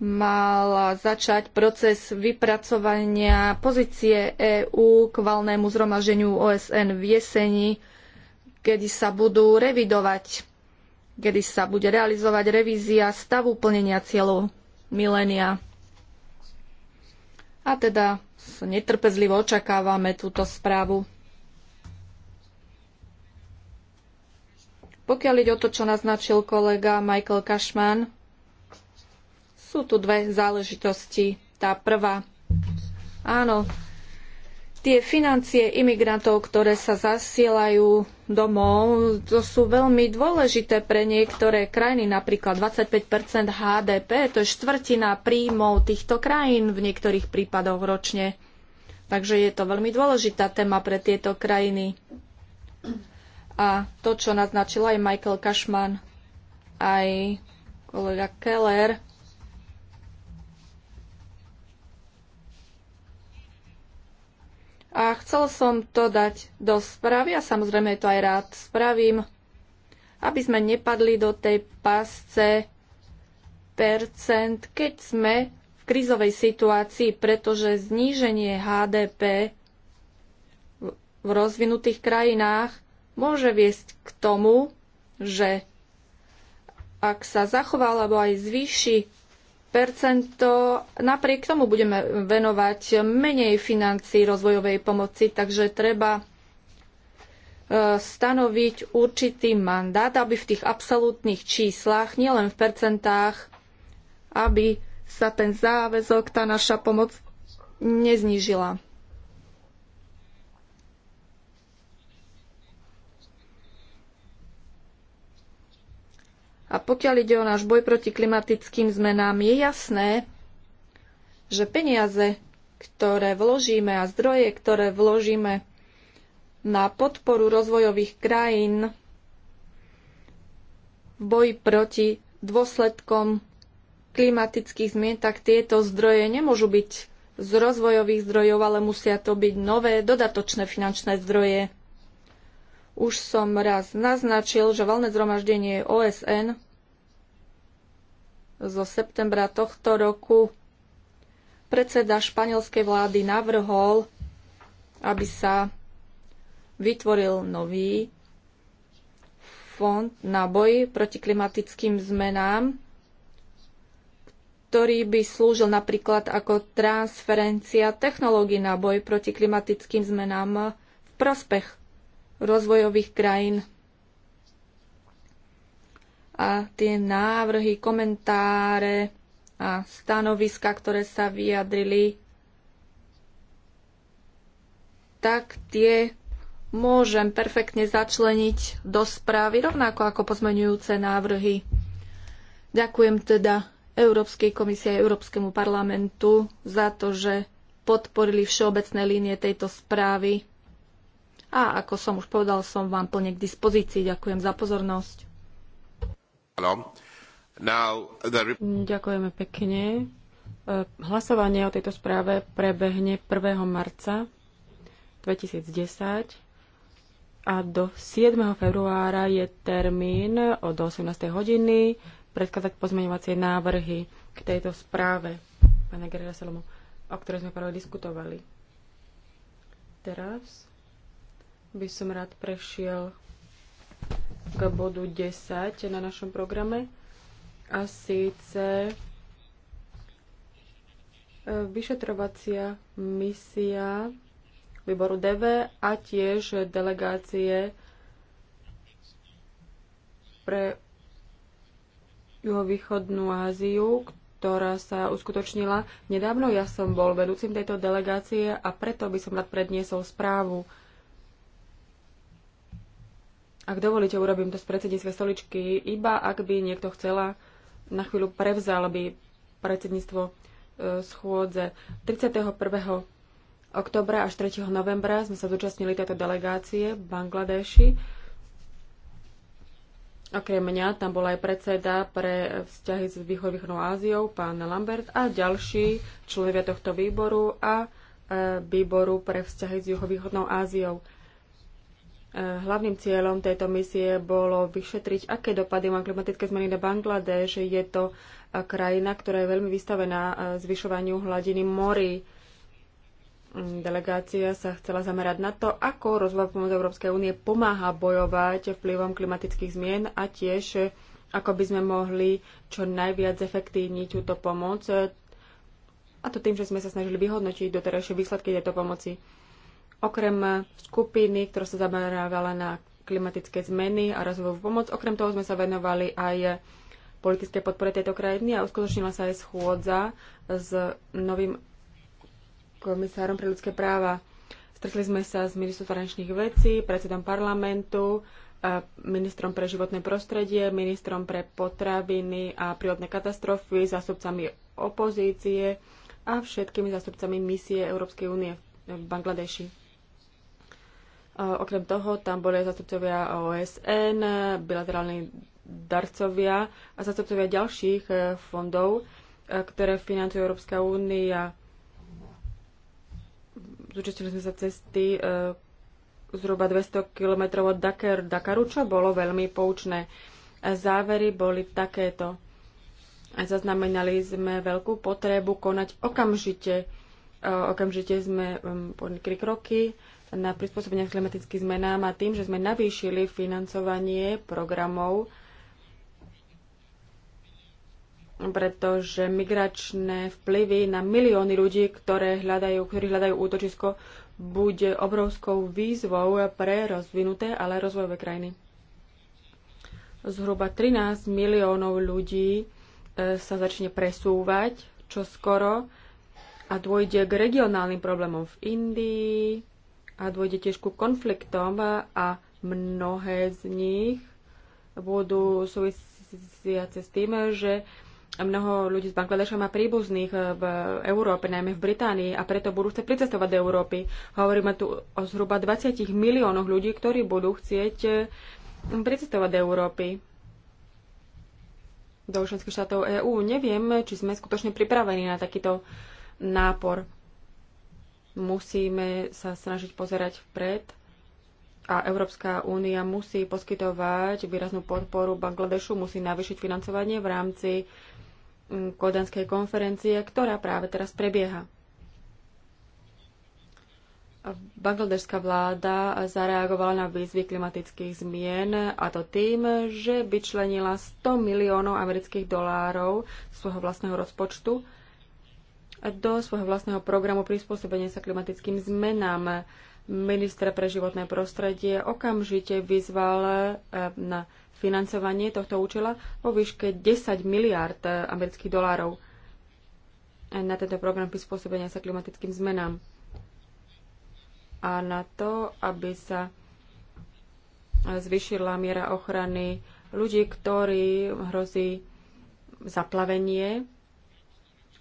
mal začať proces vypracovania pozície EÚ k valnému zhromaženiu OSN v jeseni, kedy sa budú revidovať, kedy sa bude realizovať revízia stavu plnenia cieľov milénia. A teda netrpezlivo očakávame túto správu. Pokiaľ ide o to, čo naznačil kolega Michael Cashman, sú tu dve záležitosti. Tá prvá, áno, tie financie imigrantov, ktoré sa zasielajú domov, to sú veľmi dôležité pre niektoré krajiny, napríklad 25 HDP, to je štvrtina príjmov týchto krajín v niektorých prípadoch ročne. Takže je to veľmi dôležitá téma pre tieto krajiny. A to, čo naznačil aj Michael Cashman, aj kolega Keller, A chcel som to dať do správy a samozrejme to aj rád spravím, aby sme nepadli do tej pásce percent, keď sme v krízovej situácii, pretože zníženie HDP v rozvinutých krajinách môže viesť k tomu, že ak sa zachová alebo aj zvýši percento, napriek tomu budeme venovať menej financí rozvojovej pomoci, takže treba e, stanoviť určitý mandát, aby v tých absolútnych číslach, nielen v percentách, aby sa ten záväzok, tá naša pomoc neznížila. A pokiaľ ide o náš boj proti klimatickým zmenám, je jasné, že peniaze, ktoré vložíme a zdroje, ktoré vložíme na podporu rozvojových krajín v boji proti dôsledkom klimatických zmien, tak tieto zdroje nemôžu byť z rozvojových zdrojov, ale musia to byť nové dodatočné finančné zdroje. Už som raz naznačil, že valné zhromaždenie OSN zo septembra tohto roku predseda španielskej vlády navrhol, aby sa vytvoril nový fond na boj proti klimatickým zmenám, ktorý by slúžil napríklad ako transferencia technológií na boj proti klimatickým zmenám v prospech rozvojových krajín. A tie návrhy, komentáre a stanoviska, ktoré sa vyjadrili, tak tie môžem perfektne začleniť do správy, rovnako ako pozmenujúce návrhy. Ďakujem teda Európskej komisie a Európskemu parlamentu za to, že podporili všeobecné línie tejto správy a ako som už povedal, som vám plne k dispozícii. Ďakujem za pozornosť. The... Ďakujeme pekne. E, hlasovanie o tejto správe prebehne 1. marca 2010 a do 7. februára je termín od 18. hodiny predkladať pozmeňovacie návrhy k tejto správe pána Gerera Salomu, o ktorej sme práve diskutovali. Teraz by som rád prešiel k bodu 10 na našom programe. A síce e, vyšetrovacia misia výboru DV a tiež delegácie pre juhovýchodnú Áziu, ktorá sa uskutočnila nedávno. Ja som bol vedúcim tejto delegácie a preto by som rád predniesol správu ak dovolíte, urobím to z predsedníctve stoličky, iba ak by niekto chcela na chvíľu prevzal by predsedníctvo e, schôdze. 31. oktobra až 3. novembra sme sa zúčastnili tejto delegácie v Bangladeši. Okrem mňa tam bol aj predseda pre vzťahy s východnou Áziou, pán Lambert, a ďalší členovia tohto výboru a e, výboru pre vzťahy s juhovýchodnou Áziou. Hlavným cieľom tejto misie bolo vyšetriť, aké dopady má klimatické zmeny na Bangladeš. Je to krajina, ktorá je veľmi vystavená zvyšovaniu hladiny morí. Mm, delegácia sa chcela zamerať na to, ako rozvoj pomoc Európskej únie pomáha bojovať vplyvom klimatických zmien a tiež e, ako by sme mohli čo najviac efektívniť túto pomoc. E, a to tým, že sme sa snažili vyhodnotiť doterajšie výsledky tejto pomoci. Okrem skupiny, ktorá sa zamerávala na klimatické zmeny a rozvojovú pomoc, okrem toho sme sa venovali aj politické podpore tejto krajiny a uskutočnila sa aj schôdza s novým komisárom pre ľudské práva. Stretli sme sa s ministrom zahraničných vecí, predsedom parlamentu, ministrom pre životné prostredie, ministrom pre potraviny a prírodné katastrofy, zástupcami opozície a všetkými zástupcami misie Európskej únie v Bangladeši. Okrem toho tam boli zastupcovia OSN, bilaterálni darcovia a zastupcovia ďalších e, fondov, e, ktoré financuje Európska únia. Zúčastnili sme sa cesty e, zhruba 200 km od Dakar, Dakaru, čo bolo veľmi poučné. Závery boli takéto. Zaznamenali sme veľkú potrebu konať okamžite. Okamžite sme podnikli kroky, na prispôsobenia klimatickým zmenám a tým, že sme navýšili financovanie programov, pretože migračné vplyvy na milióny ľudí, ktoré hľadajú, ktorí hľadajú útočisko, bude obrovskou výzvou pre rozvinuté, ale rozvojové krajiny. Zhruba 13 miliónov ľudí e, sa začne presúvať čo skoro a dôjde k regionálnym problémom v Indii, a dôjde tiež ku konfliktom a mnohé z nich budú súvisiace s tým, že mnoho ľudí z Bangladeša má príbuzných v Európe, najmä v Británii, a preto budú chcieť pricestovať do Európy. Hovoríme tu o zhruba 20 miliónoch ľudí, ktorí budú chcieť hm, pricestovať do Európy do členských štátov EÚ. Neviem, či sme skutočne pripravení na takýto nápor musíme sa snažiť pozerať vpred a Európska únia musí poskytovať výraznú podporu Bangladešu, musí navýšiť financovanie v rámci mm, Kodanskej konferencie, ktorá práve teraz prebieha. Bangladešská vláda zareagovala na výzvy klimatických zmien a to tým, že vyčlenila 100 miliónov amerických dolárov svojho vlastného rozpočtu do svojho vlastného programu prispôsobenia sa klimatickým zmenám. Minister pre životné prostredie okamžite vyzval e, na financovanie tohto účela vo výške 10 miliárd e, amerických dolárov na tento program prispôsobenia sa klimatickým zmenám a na to, aby sa zvyšila miera ochrany ľudí, ktorí hrozí zaplavenie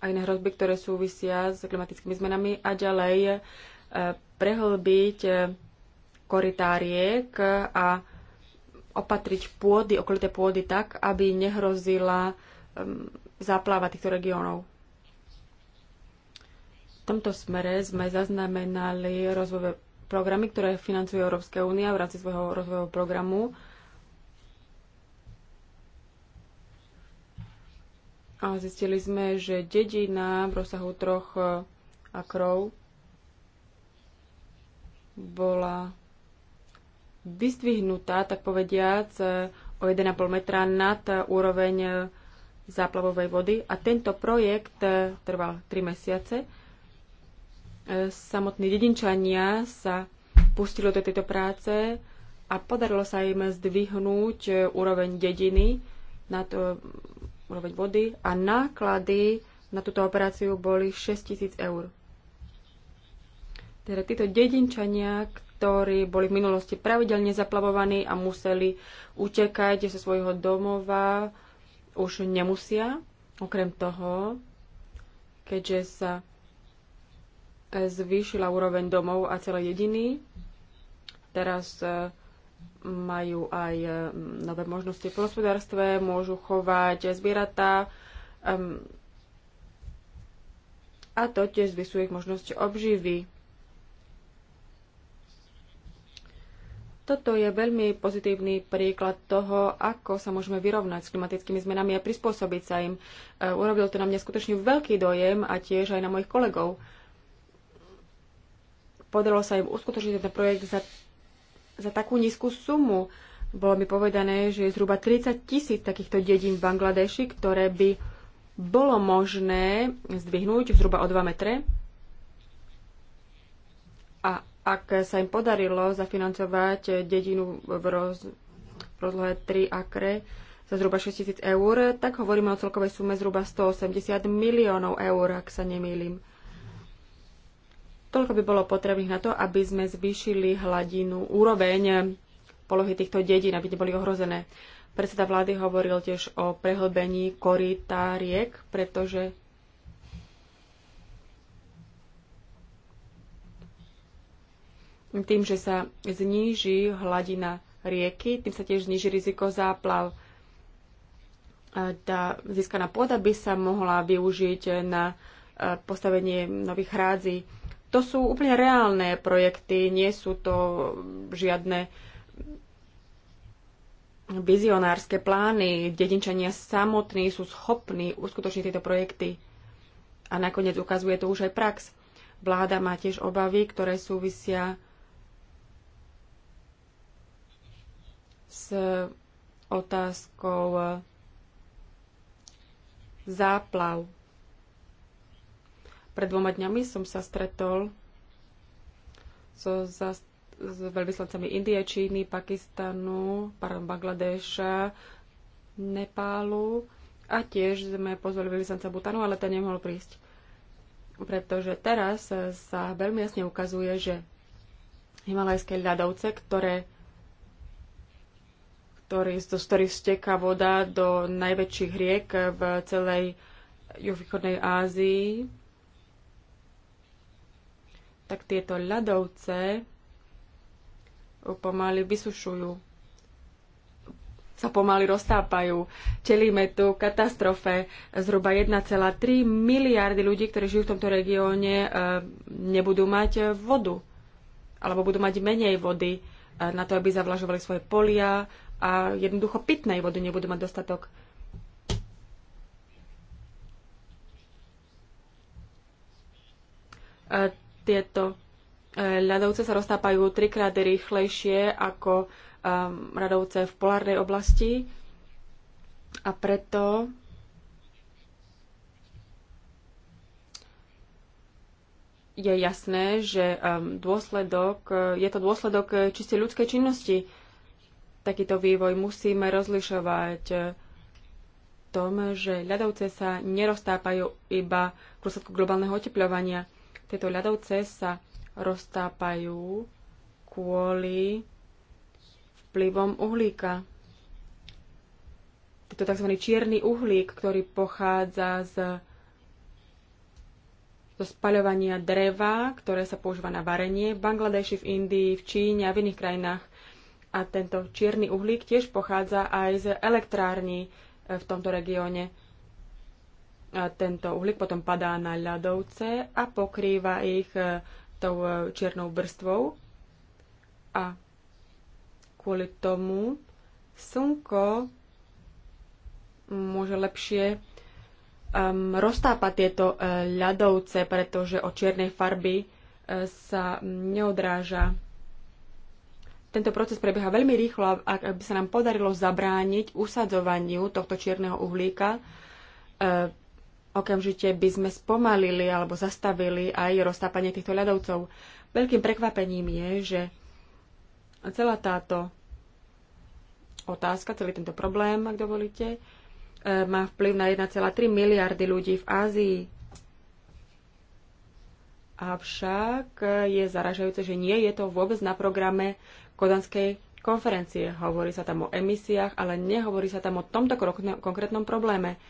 a iné hrozby, ktoré súvisia s klimatickými zmenami a ďalej e, prehlbiť e, koritáriek a opatriť pôdy, okolité pôdy tak, aby nehrozila záplava týchto regiónov. V tomto smere sme zaznamenali rozvojové programy, ktoré financuje Európska únia v rámci svojho rozvojového programu A zistili sme, že dedina v rozsahu troch e, akrov bola vyzdvihnutá, tak povediac, e, o 1,5 metra nad úroveň e, záplavovej vody. A tento projekt trval 3 mesiace. Samotní dedinčania sa pustili do tejto práce a podarilo sa im zdvihnúť úroveň dediny nad urobiť body a náklady na túto operáciu boli 6000 eur. Teda títo dedinčania, ktorí boli v minulosti pravidelne zaplavovaní a museli utekať zo svojho domova, už nemusia. Okrem toho, keďže sa zvýšila úroveň domov a celé jediny, teraz eh, majú aj e, nové možnosti v hospodárstve, môžu chovať zvieratá um, a to tiež zvisuje ich možnosť obživy. Toto je veľmi pozitívny príklad toho, ako sa môžeme vyrovnať s klimatickými zmenami a prispôsobiť sa im. E, urobil to na mňa skutočne veľký dojem a tiež aj na mojich kolegov. Podarilo sa im uskutočniť ten projekt za za takú nízku sumu. Bolo mi povedané, že je zhruba 30 tisíc takýchto dedín v Bangladeši, ktoré by bolo možné zdvihnúť zhruba o 2 metre. A ak sa im podarilo zafinancovať dedinu v roz, rozlohe 3 akre za zhruba 6 tisíc eur, tak hovoríme o celkovej sume zhruba 180 miliónov eur, ak sa nemýlim. Toľko by bolo potrebných na to, aby sme zvýšili hladinu, úroveň polohy týchto dedín, aby neboli ohrozené. Predseda vlády hovoril tiež o prehlbení korita riek, pretože tým, že sa zníži hladina rieky, tým sa tiež zníži riziko záplav. Tá získaná pôda by sa mohla využiť na e, postavenie nových hrádzí to sú úplne reálne projekty, nie sú to žiadne vizionárske plány. Dedinčania samotní sú schopní uskutočniť tieto projekty. A nakoniec ukazuje to už aj prax. Vláda má tiež obavy, ktoré súvisia s otázkou záplav pred dvoma dňami som sa stretol so zast- s veľvyslancami Indie, Číny, Pakistanu, pardon, Bangladeša, Nepálu a tiež sme pozvali veľvyslanca Butanu, ale ten nemohol prísť. Pretože teraz sa veľmi jasne ukazuje, že himalajské ľadovce, ktoré ktorý, z ktorých steká voda do najväčších riek v celej juhovýchodnej Ázii, tak tieto ľadovce pomaly vysušujú, sa pomaly roztápajú. Čelíme tu katastrofe. Zhruba 1,3 miliardy ľudí, ktorí žijú v tomto regióne, e, nebudú mať vodu. Alebo budú mať menej vody e, na to, aby zavlažovali svoje polia a jednoducho pitnej vody nebudú mať dostatok. E, tieto e, ľadovce sa roztápajú trikrát rýchlejšie ako um, ľadovce v polárnej oblasti a preto je jasné, že um, dôsledok, je to dôsledok čiste ľudskej činnosti. Takýto vývoj musíme rozlišovať e, tom, že ľadovce sa neroztápajú iba v dôsledku globálneho otepľovania. Tieto ľadovce sa roztápajú kvôli vplyvom uhlíka. Je to tzv. čierny uhlík, ktorý pochádza z, zo spaľovania dreva, ktoré sa používa na varenie v Bangladeši, v Indii, v Číne a v iných krajinách. A tento čierny uhlík tiež pochádza aj z elektrární eh, v tomto regióne tento uhlík potom padá na ľadovce a pokrýva ich e, tou e, čiernou vrstvou. A kvôli tomu slnko môže lepšie um, roztápať tieto e, ľadovce, pretože od čiernej farby sa neodráža. Tento proces prebieha veľmi rýchlo a ak by sa nám podarilo zabrániť usadzovaniu tohto čierneho uhlíka, okamžite by sme spomalili alebo zastavili aj roztápanie týchto ľadovcov. Veľkým prekvapením je, že celá táto otázka, celý tento problém, ak dovolíte, e, má vplyv na 1,3 miliardy ľudí v Ázii. Avšak je zaražajúce, že nie je to vôbec na programe Kodanskej konferencie. Hovorí sa tam o emisiách, ale nehovorí sa tam o tomto konkrétnom probléme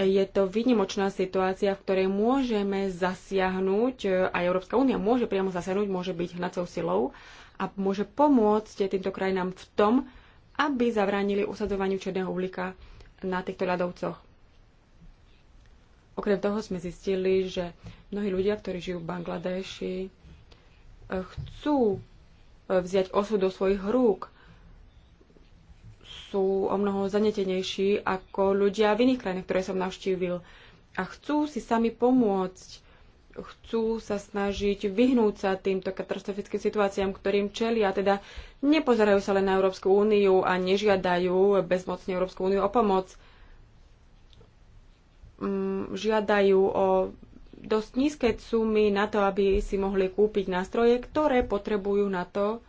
je to výnimočná situácia, v ktorej môžeme zasiahnuť, e, a Európska únia môže priamo zasiahnuť, môže byť hnacou silou a môže pomôcť týmto krajinám v tom, aby zabránili usadzovaniu černého uhlíka na týchto ľadovcoch. Okrem toho sme zistili, že mnohí ľudia, ktorí žijú v Bangladeši, e, chcú e, vziať osud do svojich rúk sú o mnoho zanetenejší ako ľudia v iných krajinách, ktoré som navštívil. A chcú si sami pomôcť, chcú sa snažiť vyhnúť sa týmto katastrofickým situáciám, ktorým čelia. Teda nepozerajú sa len na Európsku úniu a nežiadajú bezmocne Európsku úniu o pomoc. Mm, žiadajú o dosť nízke sumy na to, aby si mohli kúpiť nástroje, ktoré potrebujú na to,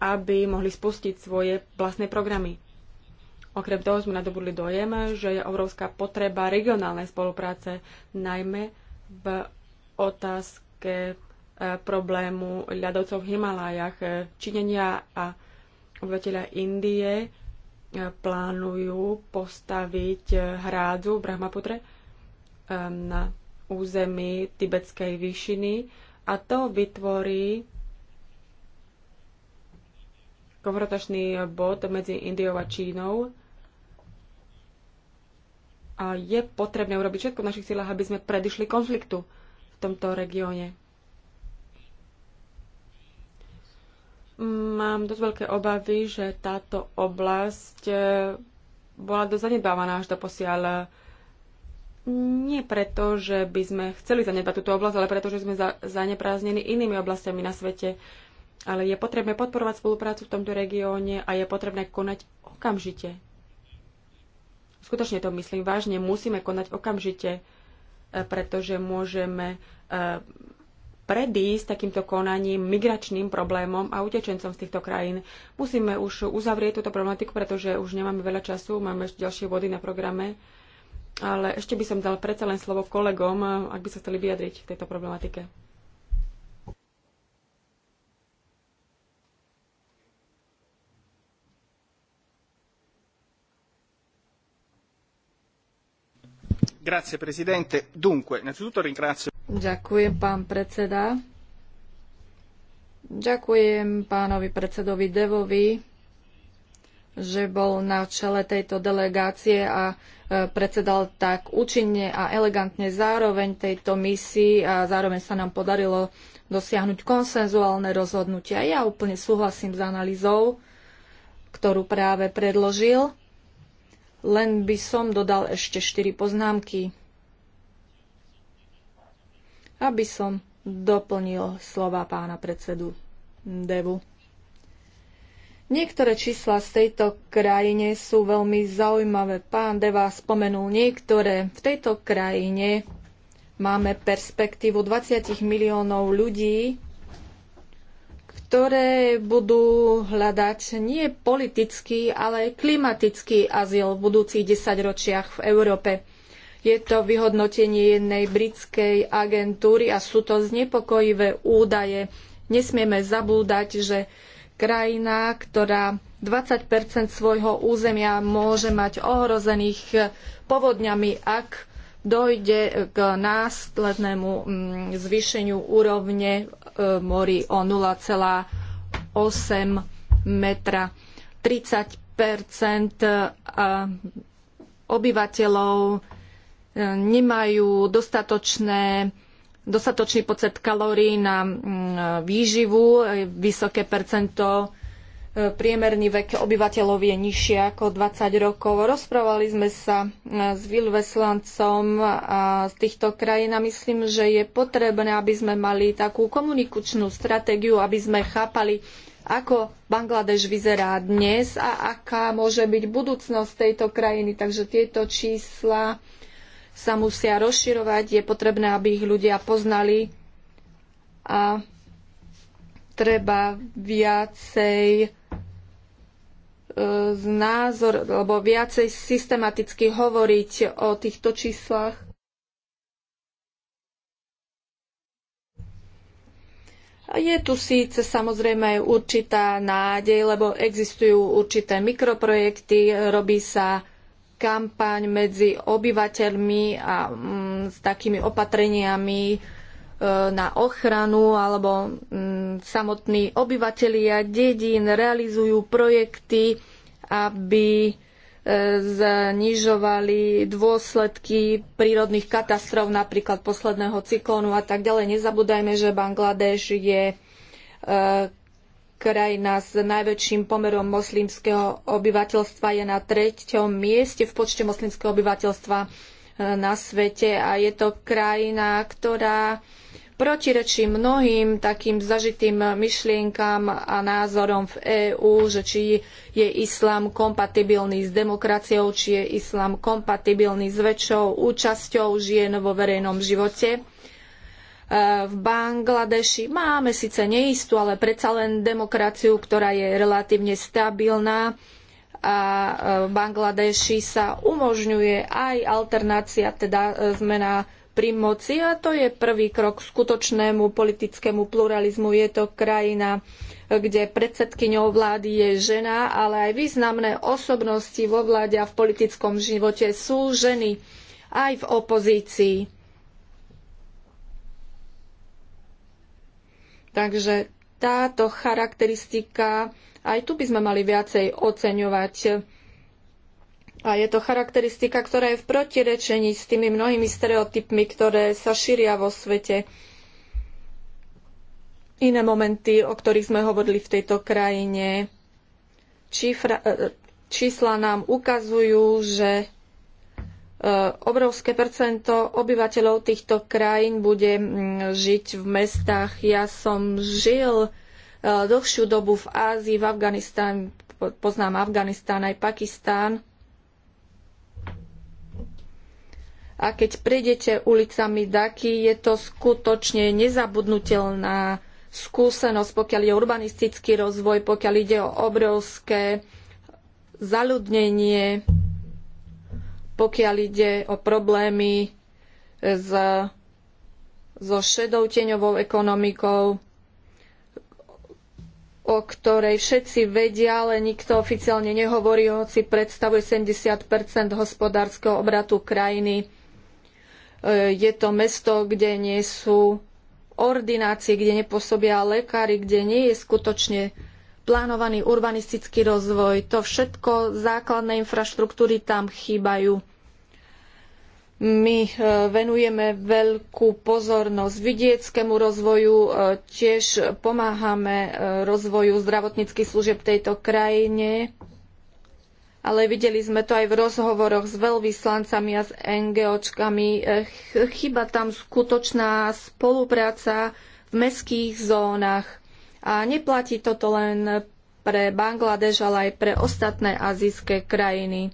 aby mohli spustiť svoje vlastné programy. Okrem toho sme nadobudli dojem, že je obrovská potreba regionálnej spolupráce, najmä v otázke e, problému ľadovcov v Himalájach. E, Činenia a obyvateľia Indie e, plánujú postaviť hrádzu v Brahmaputre na území tibetskej výšiny a to vytvorí konfrontačný bod medzi Indiou a Čínou. A je potrebné urobiť všetko v našich silách, aby sme predišli konfliktu v tomto regióne. Mám dosť veľké obavy, že táto oblasť eh, bola dosť zanedbávaná až do posiaľ. Nie preto, že by sme chceli zanedbať túto oblasť, ale preto, že sme za- zanepráznení inými oblastiami na svete. Ale je potrebné podporovať spoluprácu v tomto regióne a je potrebné konať okamžite. Skutočne to myslím vážne. Musíme konať okamžite, e, pretože môžeme e, predísť takýmto konaním migračným problémom a utečencom z týchto krajín. Musíme už uzavrieť túto problematiku, pretože už nemáme veľa času, máme ešte ďalšie vody na programe. Ale ešte by som dal predsa len slovo kolegom, e, ak by sa chceli vyjadriť v tejto problematike. Grazie, presidente. Dunque, innanzitutto ringrazio... Ďakujem, pán predseda. Ďakujem pánovi predsedovi Devovi, že bol na čele tejto delegácie a e, predsedal tak účinne a elegantne zároveň tejto misii a zároveň sa nám podarilo dosiahnuť konsenzuálne rozhodnutia. Ja úplne súhlasím s analýzou, ktorú práve predložil. Len by som dodal ešte 4 poznámky, aby som doplnil slova pána predsedu Devu. Niektoré čísla z tejto krajine sú veľmi zaujímavé. Pán Deva spomenul niektoré. V tejto krajine máme perspektívu 20 miliónov ľudí, ktoré budú hľadať nie politický, ale klimatický azyl v budúcich desaťročiach v Európe. Je to vyhodnotenie jednej britskej agentúry a sú to znepokojivé údaje. Nesmieme zabúdať, že krajina, ktorá 20 svojho územia môže mať ohrozených povodňami, ak dojde k následnému mm, zvýšeniu úrovne mori o 0,8 metra. 30 e, obyvateľov e, nemajú dostatočné dostatočný počet kalórií na mm, e, výživu, vysoké percento priemerný vek obyvateľov je nižší ako 20 rokov. Rozprávali sme sa e, s Vilveslancom a z týchto krajín a myslím, že je potrebné, aby sme mali takú komunikačnú stratégiu, aby sme chápali, ako Bangladeš vyzerá dnes a aká môže byť budúcnosť tejto krajiny. Takže tieto čísla sa musia rozširovať, je potrebné, aby ich ľudia poznali a treba viacej z e, názor, alebo viacej systematicky hovoriť o týchto číslach. Je tu síce samozrejme aj určitá nádej, lebo existujú určité mikroprojekty, robí sa kampaň medzi obyvateľmi a mm, s takými opatreniami, E, na ochranu alebo mm, samotní obyvatelia dedín realizujú projekty, aby e, znižovali dôsledky prírodných katastrof, napríklad posledného cyklónu a tak ďalej. Nezabúdajme, že Bangladeš je e, krajina s najväčším pomerom moslimského obyvateľstva je na treťom mieste v počte moslimského obyvateľstva na svete a je to krajina, ktorá protirečí mnohým takým zažitým myšlienkam a názorom v EÚ, že či je islám kompatibilný s demokraciou, či je islám kompatibilný s väčšou účasťou žien vo verejnom živote e, v Bangladeši máme síce neistú, ale predsa len demokraciu, ktorá je relatívne stabilná a e, v Bangladeši sa umožňuje aj alternácia, teda e, zmena pri moci a to je prvý krok k skutočnému politickému pluralizmu. Je to krajina, kde predsedkyňou vlády je žena, ale aj významné osobnosti vo vláde a v politickom živote sú ženy aj v opozícii. Takže táto charakteristika, aj tu by sme mali viacej oceňovať a je to charakteristika, ktorá je v protirečení s tými mnohými stereotypmi, ktoré sa šíria vo svete. Iné momenty, o ktorých sme hovorili v tejto krajine, čifra, e, čísla nám ukazujú, že e, obrovské percento obyvateľov týchto krajín bude žiť v mestách. Ja som žil e, dlhšiu dobu v Ázii, v Afganistáne, poznám Afganistán aj Pakistán a keď prejdete ulicami Daky, je to skutočne nezabudnutelná skúsenosť, pokiaľ je urbanistický rozvoj, pokiaľ ide o obrovské zaludnenie, pokiaľ ide o problémy s, so šedou tieňovou ekonomikou, o ktorej všetci vedia, ale nikto oficiálne nehovorí, hoci predstavuje 70 hospodárskeho obratu krajiny je to mesto, kde nie sú ordinácie, kde nepôsobia lekári, kde nie je skutočne plánovaný urbanistický rozvoj. To všetko, základné infraštruktúry tam chýbajú. My e, venujeme veľkú pozornosť vidieckému rozvoju, e, tiež pomáhame e, rozvoju zdravotníckych služieb tejto krajine ale videli sme to aj v rozhovoroch s veľvyslancami a s NGOčkami. Eh, chyba tam skutočná spolupráca v mestských zónach. A neplatí toto len pre Bangladeš, ale aj pre ostatné azijské krajiny.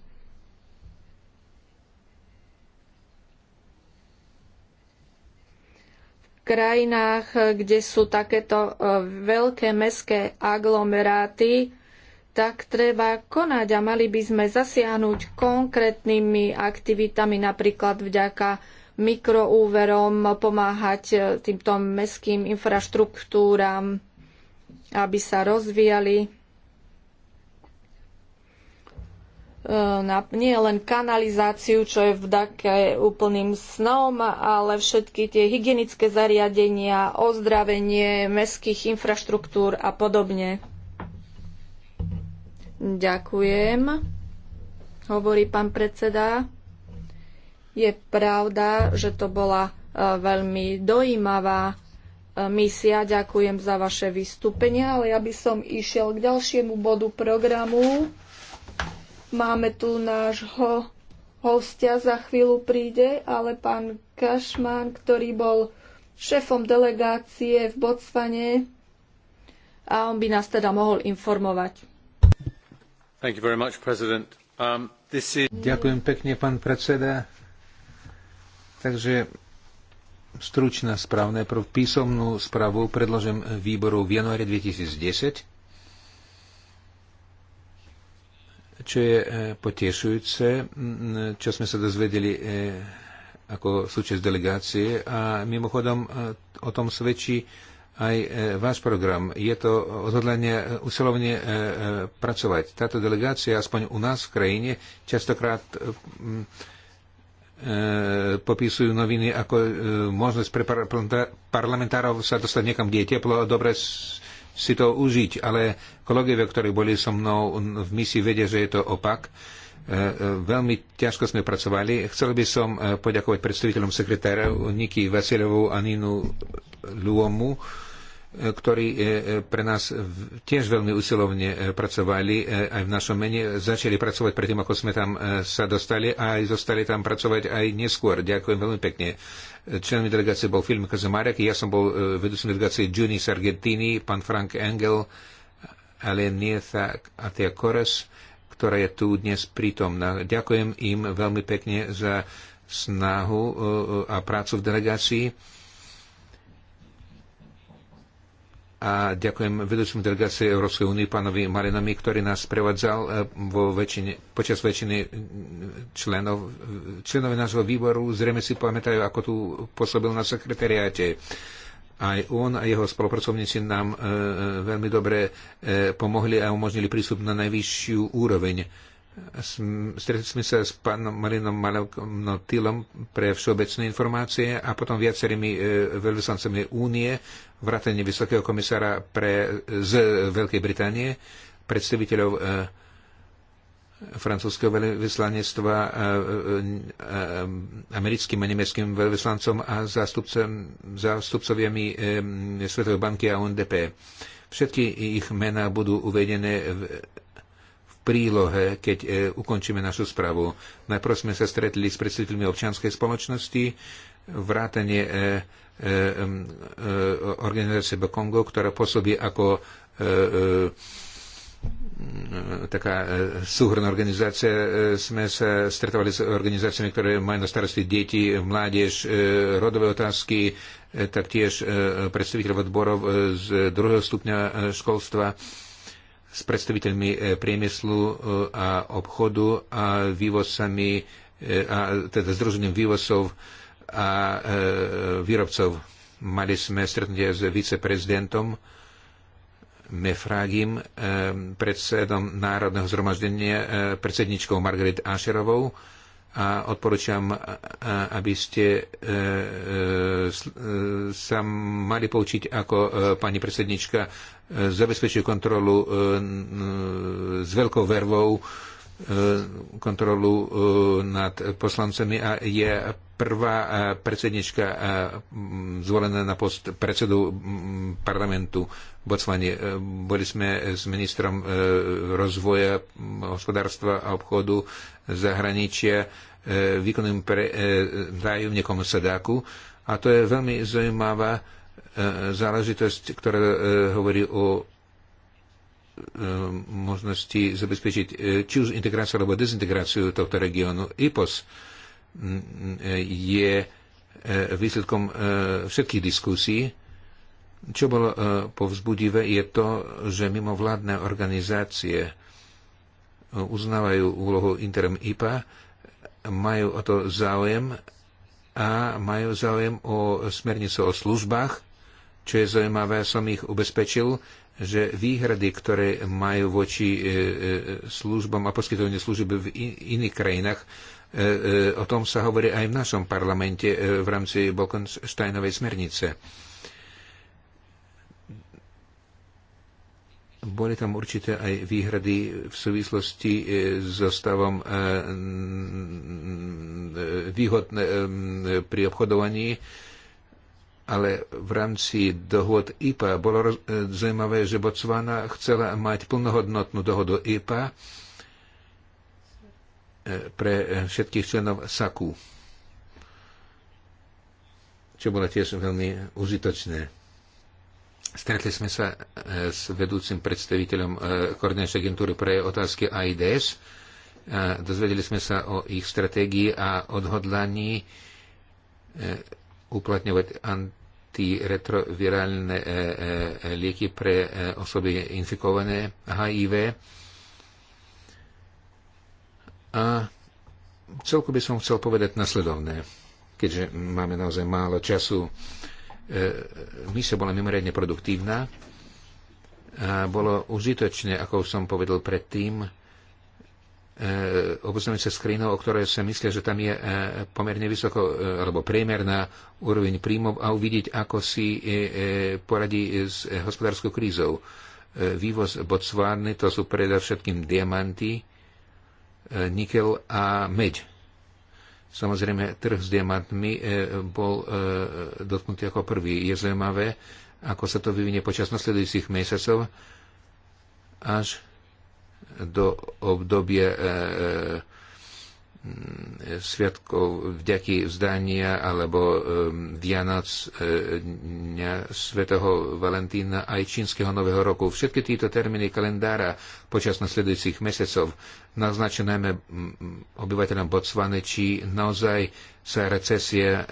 V krajinách, eh, kde sú takéto eh, veľké mestské aglomeráty, tak treba konať a mali by sme zasiahnuť konkrétnymi aktivitami, napríklad vďaka mikroúverom, pomáhať eh, týmto mestským infraštruktúram, aby sa rozvíjali. Eh, nie len kanalizáciu, čo je v Dake úplným snom, ale všetky tie hygienické zariadenia, ozdravenie mestských infraštruktúr a podobne. Ďakujem, hovorí pán predseda. Je pravda, že to bola e, veľmi dojímavá e, misia. Ďakujem za vaše vystúpenie, ale ja by som išiel k ďalšiemu bodu programu. Máme tu nášho hostia, za chvíľu príde, ale pán Kašman, ktorý bol šéfom delegácie v Botsvane, a on by nás teda mohol informovať. Um, Ďakujem pekne, pán predseda. Takže stručná správa. pro písomnú správu predložím výboru v januári 2010, čo je e, potešujúce, čo sme sa dozvedeli e, ako súčasť delegácie. A mimochodom e, o tom svedčí aj e, váš program. Je to odhodlanie e, usilovne e, pracovať. Táto delegácia, aspoň u nás v krajine, častokrát popisujú noviny ako možnosť pre parlamentárov sa dostať niekam, kde je teplo a dobre si to užiť. Ale kolegovia, ktorí boli so mnou v misii, vedia, že je to opak. Veľmi ťažko sme pracovali. Chcel by som poďakovať predstaviteľom sekretára Niky Vasilevu a Ninu Luomu, ktorí e, e, pre nás tiež veľmi usilovne e, pracovali aj v našom mene. Začali pracovať predtým, ako sme tam sa dostali a aj zostali tam pracovať aj neskôr. Ďakujem veľmi pekne. Členmi delegácie bol Film Kazemarek, ja som bol vedúcim delegácie Juni Sargentini, pán Frank Engel, Alenieta Atea Kores, ktorá je tu dnes prítomná. Ďakujem im veľmi pekne za snahu a prácu v delegácii a ďakujem vedúcemu delegácie Európskej únie pánovi Marinovi, ktorý nás prevádzal e, vo väčšine, počas väčšiny e, členov. Členovi nášho výboru zrejme si pamätajú, ako tu pôsobil na sekretariáte. Aj on a jeho spolupracovníci nám e, e veľmi dobre e, pomohli a umožnili prístup na najvyššiu úroveň. Stretli sme sa s pánom Marinom Maloknotýlom pre všeobecné informácie a potom viacerými e, veľvyslancami únie vrátane vysokého komisára pre, z Veľkej Británie, predstaviteľov e, francúzského veľvyslanectva, e, e, e americkým a nemeckým veľvyslancom a zástupcoviami e, Svetovej banky a UNDP. Všetky ich mená budú uvedené v, v prílohe, keď e, ukončíme našu správu. Najprv sme sa stretli s predstaviteľmi občianskej spoločnosti, vrátanie e, e, e, organizácie Kongo, ktorá pôsobí ako e, e, taká súhrná organizácia. Sme sa stretávali s organizáciami, ktoré majú na starosti deti, mládež, rodové otázky, taktiež predstaviteľov odborov z druhého stupňa školstva s predstaviteľmi priemyslu a obchodu a vývozami, a teda združením vývozov a e, výrobcov. Mali sme stretnutie s viceprezidentom Mefragim, e, predsedom Národného zhromaždenia, e, predsedničkou Margaret Asherovou a odporúčam, aby ste sa mali poučiť, ako pani predsednička zabezpečuje kontrolu s veľkou vervou E, kontrolu e, nad poslancami a je prvá e, predsednička zvolená na post predsedu parlamentu v Botsvane. Boli sme s ministrom rozvoja, hospodárstva a obchodu zahraničia, výkonným pre, tajomníkom Sadáku. A to je veľmi zaujímavá záležitosť, ktorá hovorí o E, možnosti zabezpečiť e, či už integráciu alebo dezintegráciu tohto regiónu. IPOS mm, e, je výsledkom všetkých diskusí. Čo bolo povzbudivé je to, že mimovládne organizácie uznávajú úlohu Interim IPA, majú o to záujem a majú záujem o smernicu o službách, čo je zaujímavé, som ich ubezpečil, že výhrady, ktoré majú voči e, e, službám a poskytovaniu služieb v iných krajinách, e, o tom sa hovorí aj v našom parlamente v rámci Bolkensteinovej smernice. Boli tam určité aj výhrady v súvislosti so stavom výhod pri obchodovaní ale v rámci dohod IPA bolo e, zaujímavé, že Botswana chcela mať plnohodnotnú dohodu IPA e, pre e, všetkých členov SAKU, čo bolo tiež veľmi užitočné. Stretli sme sa s vedúcim predstaviteľom koordinačnej agentúry pre otázky AIDS. Dozvedeli sme sa o ich stratégii a odhodlaní uplatňovať tí retrovirálne e, e, lieky pre e, osoby infikované HIV. A celku by som chcel povedať nasledovné, keďže máme naozaj málo času. Misia bola mimoriadne produktívna a bolo užitočné, ako som povedal predtým, E, oboznámiť sa s krajinou, o ktorej sa myslia, že tam je e, pomerne vysoko e, alebo priemerná úroveň príjmov a uvidieť, ako si poradí s hospodárskou krízou. Vývoz Botsvány, to sú predovšetkým diamanty, nikel a meď. Samozrejme, trh s diamantmi bol dotknutý ako prvý. Je zaujímavé, ako sa to vyvinie počas nasledujúcich mesiacov, až do obdobia e, e, sviatkov vďaky vzdania alebo Vianac e, Dňa Svetého Valentína aj Čínskeho Nového roku. Všetky títo termíny kalendára počas nasledujúcich mesiacov naznačené obyvateľom Botswany, či naozaj sa recesia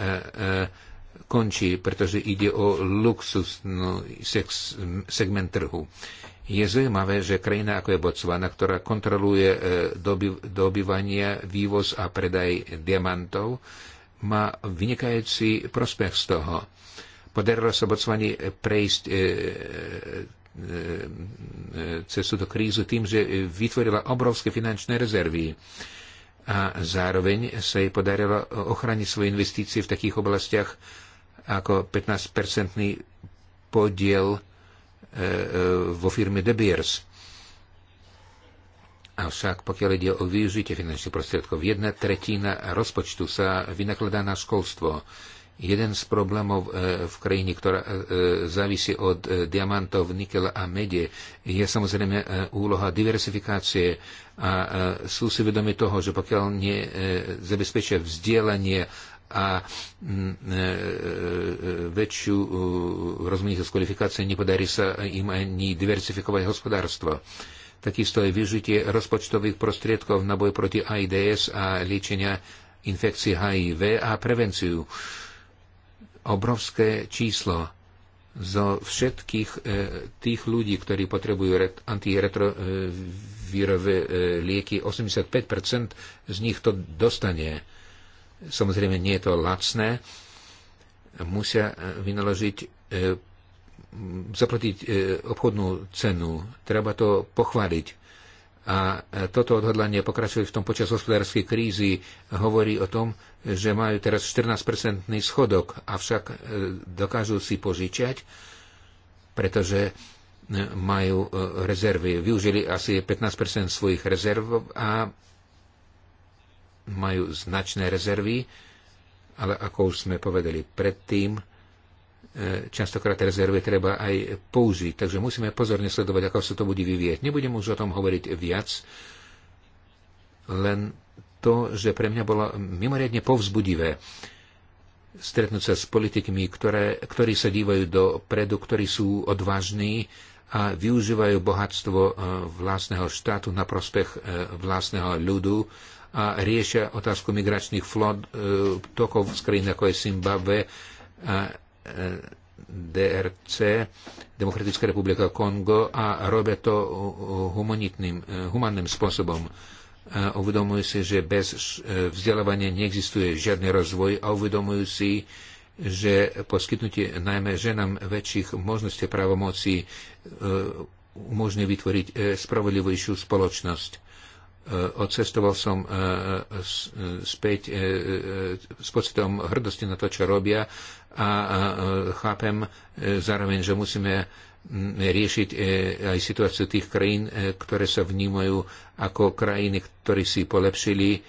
končí, pretože ide o luxusný segment trhu. Je zaujímavé, že krajina ako je Botswana, ktorá kontroluje e, dobývanie, vývoz a predaj diamantov, má vynikajúci prospech z toho. Podarilo sa Botswani prejsť e, e, cez túto krízu tým, že vytvorila obrovské finančné rezervy a zároveň sa jej podarilo ochraniť svoje investície v takých oblastiach ako 15-percentný podiel E, e, vo firme De Beers. Avšak pokiaľ ide o využitie finančných prostriedkov, jedna tretina rozpočtu sa vynakladá na školstvo. Jeden z problémov e, v krajine, ktorá závisí od diamantov, nikela a mede, je samozrejme úloha diversifikácie a sú si vedomi toho, že pokiaľ nezabezpečia vzdielanie a mm, e, e, väčšiu e, rozmanitosť kvalifikácie nepodarí sa im ani diversifikovať hospodárstvo. Takisto aj využitie rozpočtových prostriedkov na boj proti AIDS a liečenia infekcií HIV a prevenciu. Obrovské číslo zo všetkých tých ľudí, ktorí potrebujú ret, antiretrovírové e, lieky, 85% z nich to dostane. Samozrejme, nie je to lacné. Musia e, vynaložiť e, zaplatiť e, obchodnú cenu. Treba to pochváliť. A toto odhodlanie pokračuje v tom počas hospodárskej krízy. Hovorí o tom, že majú teraz 14-percentný schodok, avšak dokážu si požičať, pretože majú rezervy. Využili asi 15% svojich rezerv a majú značné rezervy, ale ako už sme povedali predtým, e, častokrát rezervy treba aj použiť. Takže musíme pozorne sledovať, ako sa to bude vyvieť. Nebudem už o tom hovoriť viac, len to, že pre mňa bolo mimoriadne povzbudivé stretnúť sa s politikmi, ktoré, ktorí sa dívajú dopredu, ktorí sú odvážni a využívajú bohatstvo e, vlastného štátu na prospech e, vlastného ľudu a riešia otázku migračných flot, e, tokov z krajín ako je Zimbabwe a e, DRC, Demokratická republika Kongo a robia to e, humanitným, humanným spôsobom. uvedomujú si, že bez vzdelávania neexistuje žiadny rozvoj a uvedomujú si, že poskytnutie najmä ženám väčších možností právomocí umožňuje vytvoriť spravodlivejšiu spoločnosť. E, odcestoval som e, e, späť s pocitom hrdosti na to, čo robia a chápem zároveň, že musíme riešiť aj situáciu tých krajín, ktoré sa vnímajú ako krajiny, ktorí si polepšili,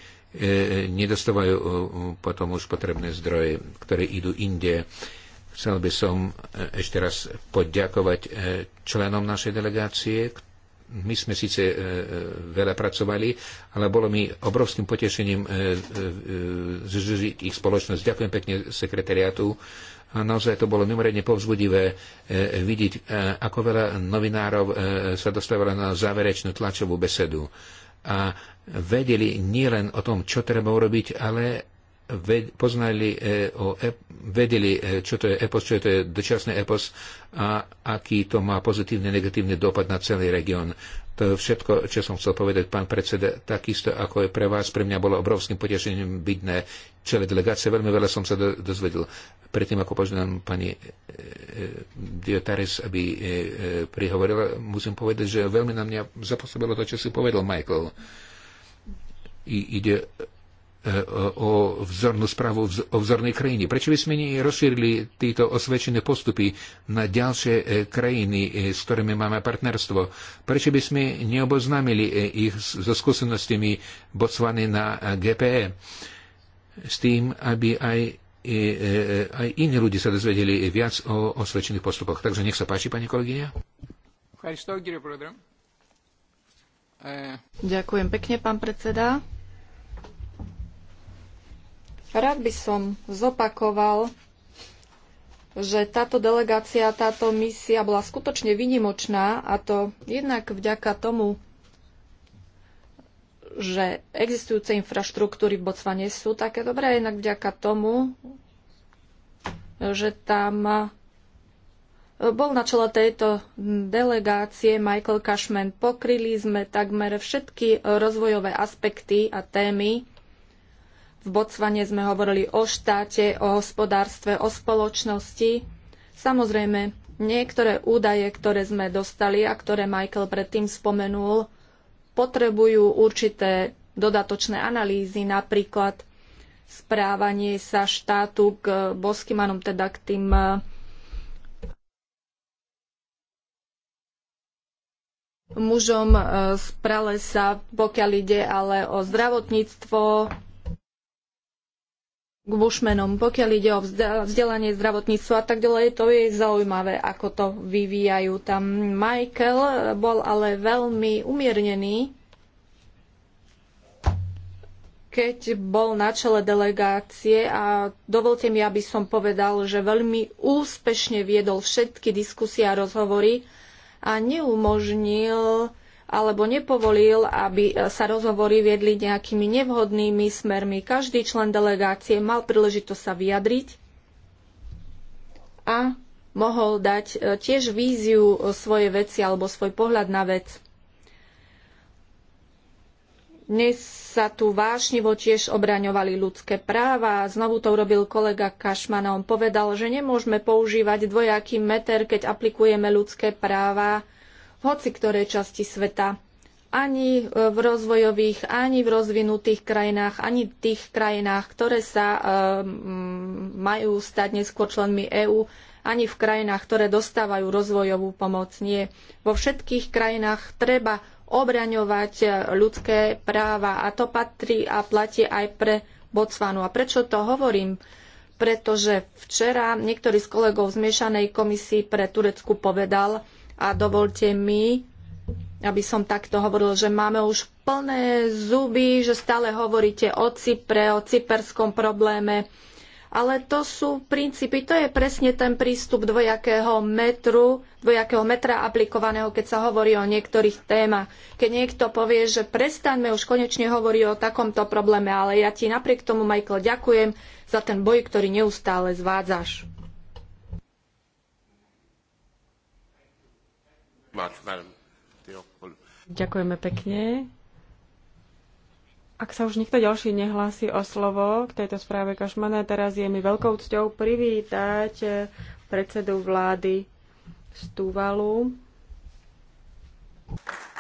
nedostávajú potom už potrebné zdroje, ktoré idú inde. Chcel by som ešte raz poďakovať členom našej delegácie, my sme síce e, e, veľa pracovali, ale bolo mi obrovským potešením e, zžiť ich spoločnosť. Ďakujem pekne sekretariátu. A naozaj to bolo mimoriadne povzbudivé vidieť, ako veľa novinárov sa dostávalo na záverečnú tlačovú besedu. A vedeli nielen o tom, čo treba urobiť, ale poznali, e, o, vedeli, e, čo to je EPOS, čo to je dočasný EPOS a aký to má pozitívny, negatívny dopad na celý región. To je všetko, čo som chcel povedať, pán predseda. Takisto ako je pre vás, pre mňa bolo obrovským potešením byť na čele delegácie. Veľmi veľa som sa do, dozvedel. Predtým, ako požiadam pani e, e Diotaris, aby e, e, prihovorila, musím povedať, že veľmi na mňa zapôsobilo to, čo si povedal Michael. I, ide E, o vzornú správu o vzornej krajine. Prečo by sme nerozšírili tieto osvedčené postupy na ďalšie e, krajiny, e, s ktorými máme partnerstvo? Prečo by sme neoboznámili ich so skúsenostiami Botswany na GPE? S tým, aby aj, aj iní ľudia sa dozvedeli viac o osvedčených postupoch. Takže nech sa páči, pani kolegyňa. Ďakujem pekne, pán predseda. Rád by som zopakoval, že táto delegácia, táto misia bola skutočne vynimočná a to jednak vďaka tomu, že existujúce infraštruktúry v Bocvane sú také dobré, jednak vďaka tomu, že tam bol na čele tejto delegácie Michael Cashman. Pokryli sme takmer všetky rozvojové aspekty a témy, v Bocvane sme hovorili o štáte, o hospodárstve, o spoločnosti. Samozrejme, niektoré údaje, ktoré sme dostali a ktoré Michael predtým spomenul, potrebujú určité dodatočné analýzy, napríklad správanie sa štátu k Boskimanom, teda k tým mužom e, z pralesa, pokiaľ ide ale o zdravotníctvo, k bušmenom. Pokiaľ ide o vzdelanie, zdravotníctva, a tak ďalej, to je zaujímavé, ako to vyvíjajú tam. Michael bol ale veľmi umiernený, keď bol na čele delegácie a dovolte mi, aby som povedal, že veľmi úspešne viedol všetky diskusie a rozhovory a neumožnil alebo nepovolil, aby e, sa rozhovory viedli nejakými nevhodnými smermi. Každý člen delegácie mal príležitosť sa vyjadriť a mohol dať e, tiež víziu e, svoje veci alebo svoj pohľad na vec. Dnes sa tu vášnivo tiež obraňovali ľudské práva. Znovu to urobil kolega Kašman a on povedal, že nemôžeme používať dvojaký meter, keď aplikujeme ľudské práva hoci ktorej časti sveta. Ani v rozvojových, ani v rozvinutých krajinách, ani v tých krajinách, ktoré sa eh, majú stať neskôr členmi EÚ, ani v krajinách, ktoré dostávajú rozvojovú pomoc. Nie. Vo všetkých krajinách treba obraňovať eh, ľudské práva a to patrí a platí aj pre Botsvanu. A prečo to hovorím? Pretože včera niektorý z kolegov z Miešanej komisii pre Turecku povedal, a dovolte mi, aby som takto hovoril, že máme už plné zuby, že stále hovoríte o Cypre, o cyperskom probléme. Ale to sú princípy, to je presne ten prístup dvojakého metru, dvojakého metra aplikovaného, keď sa hovorí o niektorých témach. Keď niekto povie, že prestaňme už konečne hovorí o takomto probléme, ale ja ti napriek tomu, Michael, ďakujem za ten boj, ktorý neustále zvádzaš. Ďakujeme pekne. Ak sa už nikto ďalší nehlási o slovo k tejto správe Kašmana, teraz je mi veľkou cťou privítať eh, predsedu vlády Stúvalu. Thank you.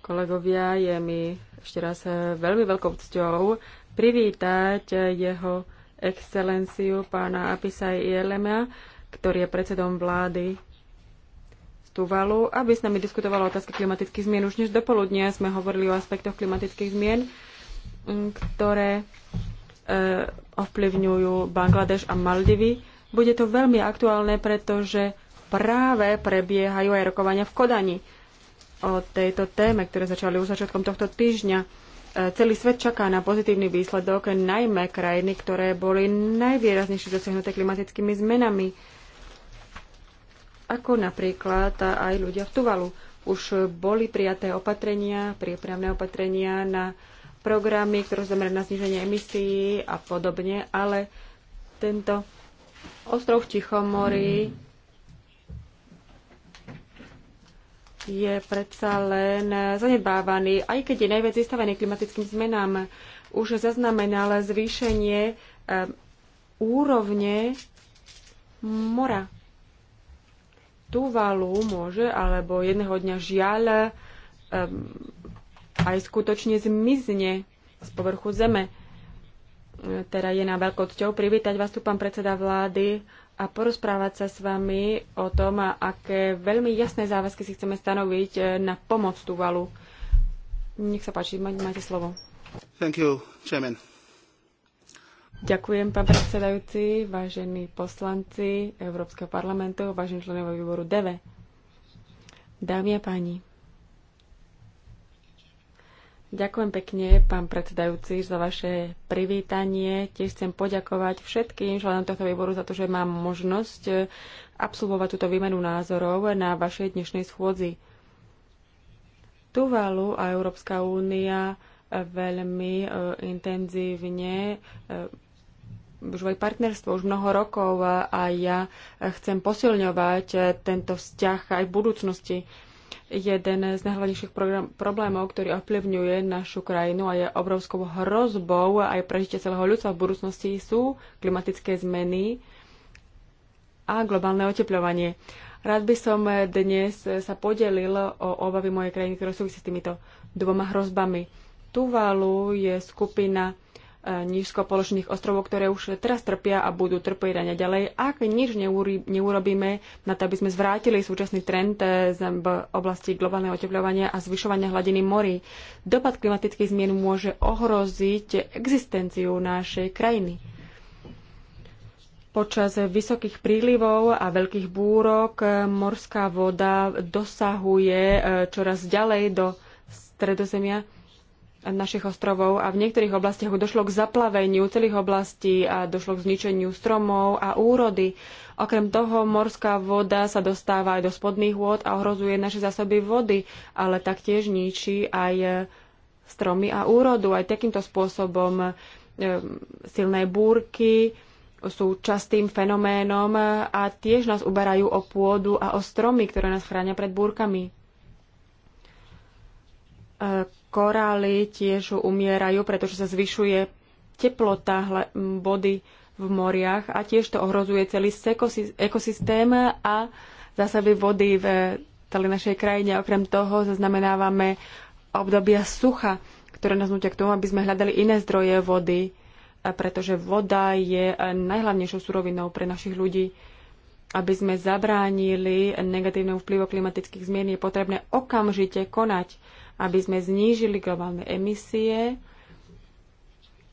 Kolegovia, je mi ešte raz eh, veľmi veľkou cťou privítať eh, jeho excelenciu pána Apisaj Jelema, ktorý je predsedom vlády Tuvalu, aby s nami diskutovalo otázky klimatických zmien. Už dnes dopoludne sme hovorili o aspektoch klimatických zmien, mm, ktoré e, ovplyvňujú Bangladeš a Maldivy. Bude to veľmi aktuálne, pretože práve prebiehajú aj rokovania v Kodani o tejto téme, ktoré začali už začiatkom tohto týždňa. E, celý svet čaká na pozitívny výsledok, najmä krajiny, ktoré boli najvýraznejšie zasiahnuté klimatickými zmenami, ako napríklad aj ľudia v Tuvalu. Už boli prijaté opatrenia, prípravné opatrenia na programy, ktoré znamená na zníženie emisí a podobne, ale tento ostrov v Tichomorí mm je predsa len zanedbávaný, aj keď je najviac vystavený klimatickým zmenám. Už zaznamenal zvýšenie eh, úrovne mora. Tuvalu môže, alebo jedného dňa žiaľ, um, aj skutočne zmizne z povrchu zeme. Eh, teda je na veľkou cťou privítať vás tu, pán predseda vlády, a porozprávať sa s vami o tom, aké veľmi jasné záväzky si chceme stanoviť e, na pomoc Tuvalu. Nech sa páči, máte slovo. Thank you, chairman. Ďakujem, pán predsedajúci, vážení poslanci Európskeho parlamentu, vážení členovia výboru DEVE. Dámy a páni, Ďakujem pekne, pán predsedajúci, za vaše privítanie. Tiež chcem poďakovať všetkým členom tohto výboru za to, že mám možnosť eh, absolvovať túto výmenu názorov na vašej dnešnej schôdzi. Tuvalu a Európska únia eh, veľmi eh, intenzívne využívajú partnerstvo už mnoho rokov a ja chcem posilňovať tento vzťah aj v budúcnosti jeden z najhľadnejších problémov, ktorý ovplyvňuje našu krajinu a je obrovskou hrozbou aj prežitie celého ľudstva v budúcnosti, sú klimatické zmeny a globálne oteplovanie. Rád by som dnes sa podelil o obavy mojej krajiny, ktoré súvisí s týmito dvoma hrozbami. Tuvalu je skupina položených ostrovov, ktoré už teraz trpia a budú trpieť aj naďalej, ak nič neurobíme na to, aby sme zvrátili súčasný trend eh, v oblasti globálneho oteplovania a zvyšovania hladiny morí. Dopad klimatických zmien môže ohroziť existenciu našej krajiny. Počas vysokých prílivov a veľkých búrok eh, morská voda dosahuje eh, čoraz ďalej do stredozemia našich ostrovov a v niektorých oblastiach došlo k zaplaveniu celých oblastí a došlo k zničeniu stromov a úrody. Okrem toho morská voda sa dostáva aj do spodných vôd a ohrozuje naše zásoby vody, ale taktiež ničí aj e, stromy a úrodu. Aj takýmto spôsobom e, silné búrky sú častým fenoménom a tiež nás uberajú o pôdu a o stromy, ktoré nás chránia pred búrkami e, korály tiež umierajú, pretože sa zvyšuje teplota vody v moriach a tiež to ohrozuje celý ekosystém a zásoby vody v celej našej krajine. Okrem toho zaznamenávame obdobia sucha, ktoré nás nutia k tomu, aby sme hľadali iné zdroje vody, pretože voda je najhlavnejšou surovinou pre našich ľudí. Aby sme zabránili negatívnemu vplyvu klimatických zmien, je potrebné okamžite konať aby sme znížili globálne emisie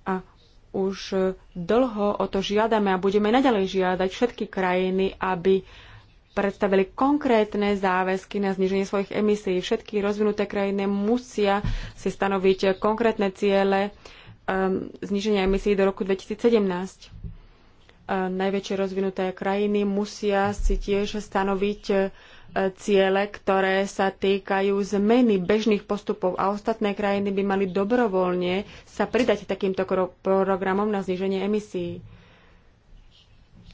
a už dlho o to žiadame a budeme naďalej žiadať všetky krajiny, aby predstavili konkrétne záväzky na zniženie svojich emisí. Všetky rozvinuté krajiny musia si stanoviť konkrétne ciele um, zniženia emisí do roku 2017. Um, najväčšie rozvinuté krajiny musia si tiež stanoviť ciele, ktoré sa týkajú zmeny bežných postupov a ostatné krajiny by mali dobrovoľne sa pridať takýmto programom na zníženie emisí.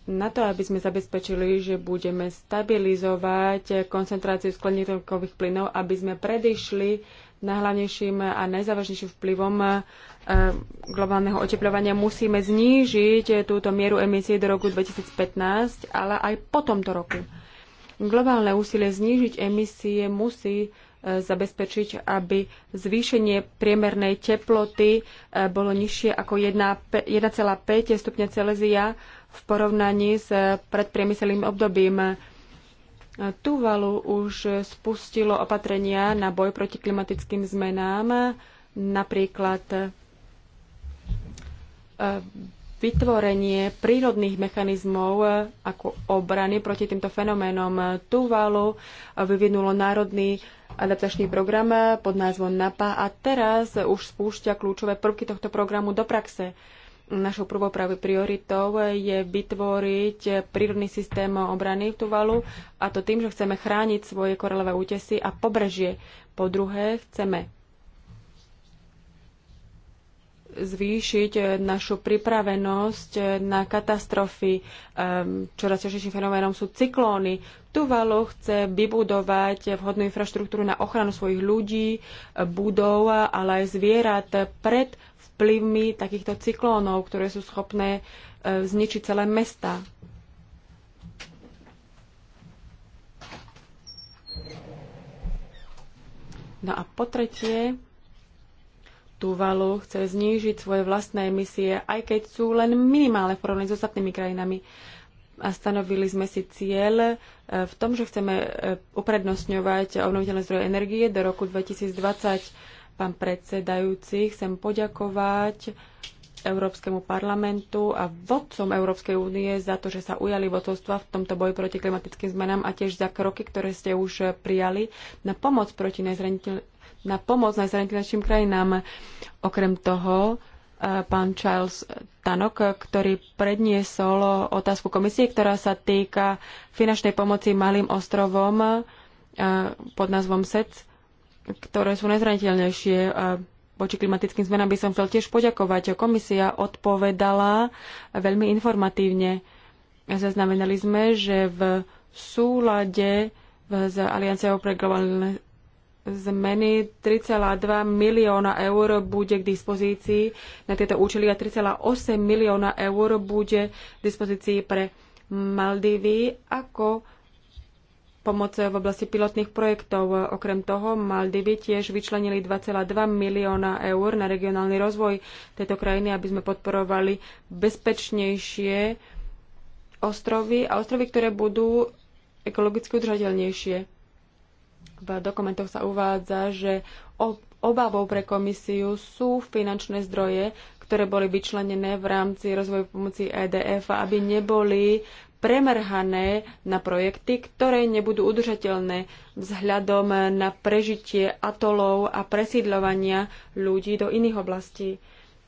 Na to, aby sme zabezpečili, že budeme stabilizovať koncentráciu skleníkových plynov, aby sme predišli najhlavnejším a najzávažnejším vplyvom eh, globálneho oteplovania, musíme znížiť túto mieru emisí do roku 2015, ale aj po tomto roku. Globálne úsilie znížiť emisie musí e, zabezpečiť, aby zvýšenie priemernej teploty e, bolo nižšie ako 1,5 stupňa Celezia v porovnaní s e, predpriemyselným obdobím. Tuvalu už spustilo opatrenia na boj proti klimatickým zmenám, napríklad vytvorenie prírodných mechanizmov e, ako obrany proti týmto fenoménom Tuvalu vyvinulo národný adaptačný program e, pod názvom NAPA a teraz už spúšťa kľúčové prvky tohto programu do praxe. Našou prvou prioritou je vytvoriť prírodný systém obrany v Tuvalu a to tým, že chceme chrániť svoje korelové útesy a pobrežie. Po druhé, chceme zvýšiť e, našu pripravenosť e, na katastrofy. E, čoraz ťažším fenoménom sú cyklóny. Tuvalu chce vybudovať vhodnú infraštruktúru na ochranu svojich ľudí, budov, ale aj zvierat pred vplyvmi takýchto cyklónov, ktoré sú schopné zničiť celé mesta. No a po tretie, Tuvalu chce znížiť svoje vlastné emisie, aj keď sú len minimálne v porovnaní s ostatnými krajinami. A stanovili sme si cieľ e, v tom, že chceme e, uprednostňovať obnoviteľné zdroje energie do roku 2020. Pán predsedajúci, chcem poďakovať Európskemu parlamentu a vodcom Európskej únie za to, že sa ujali vodcovstva v tomto boji proti klimatickým zmenám a tiež za kroky, ktoré ste už prijali na pomoc proti najzraniteľ- na pomoc najzraniteľnejším krajinám. Okrem toho, e, pán Charles Tanok, ktorý predniesol otázku komisie, ktorá sa týka finančnej pomoci malým ostrovom e, pod názvom SEC, ktoré sú najzraniteľnejšie e, voči klimatickým zmenám, by som chcel tiež poďakovať. Komisia odpovedala veľmi informatívne. Zaznamenali sme, že v súlade s Alianciou pre globálne zmeny 3,2 milióna eur bude k dispozícii na tieto účely a 3,8 milióna eur bude k dispozícii pre Maldivy ako pomoc v oblasti pilotných projektov. Okrem toho Maldivy tiež vyčlenili 2,2 milióna eur na regionálny rozvoj tejto krajiny, aby sme podporovali bezpečnejšie ostrovy a ostrovy, ktoré budú ekologicky udržateľnejšie. V dokumentoch sa uvádza, že obavou pre komisiu sú finančné zdroje, ktoré boli vyčlenené v rámci rozvoju pomoci EDF, aby neboli premrhané na projekty, ktoré nebudú udržateľné vzhľadom na prežitie atolov a presídľovania ľudí do iných oblastí.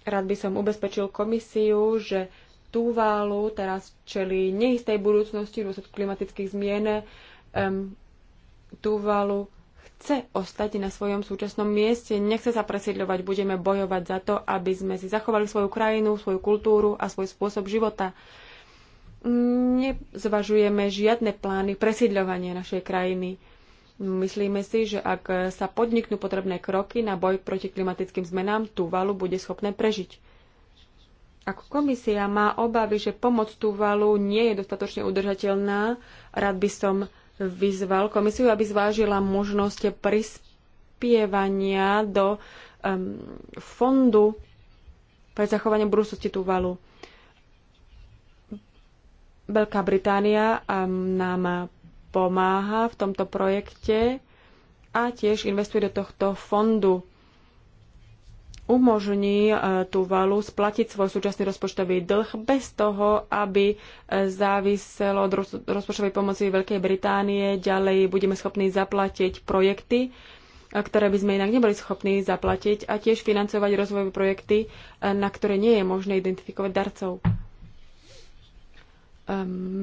Rád by som ubezpečil komisiu, že Tuvalu teraz čeli neistej budúcnosti v dôsledku klimatických zmien. Um, Tuvalu chce ostať na svojom súčasnom mieste, nechce sa presiedľovať, budeme bojovať za to, aby sme si zachovali svoju krajinu, svoju kultúru a svoj spôsob života. Nezvažujeme žiadne plány presiedľovania našej krajiny. Myslíme si, že ak sa podniknú potrebné kroky na boj proti klimatickým zmenám, Tuvalu bude schopné prežiť. Ak komisia má obavy, že pomoc Tuvalu nie je dostatočne udržateľná, rád by som vyzval komisiu, aby zvážila možnosť prispievania do um, fondu pre zachovanie budúcnosti Tuvalu. Veľká Británia um, nám pomáha v tomto projekte a tiež investuje do tohto fondu umožní e, tú valu splatiť svoj súčasný rozpočtový dlh bez toho, aby e, záviselo od rozpočtovej pomoci Veľkej Británie. Ďalej budeme schopní zaplatiť projekty, e, ktoré by sme inak neboli schopní zaplatiť a tiež financovať rozvojové projekty, na ktoré nie je možné identifikovať darcov.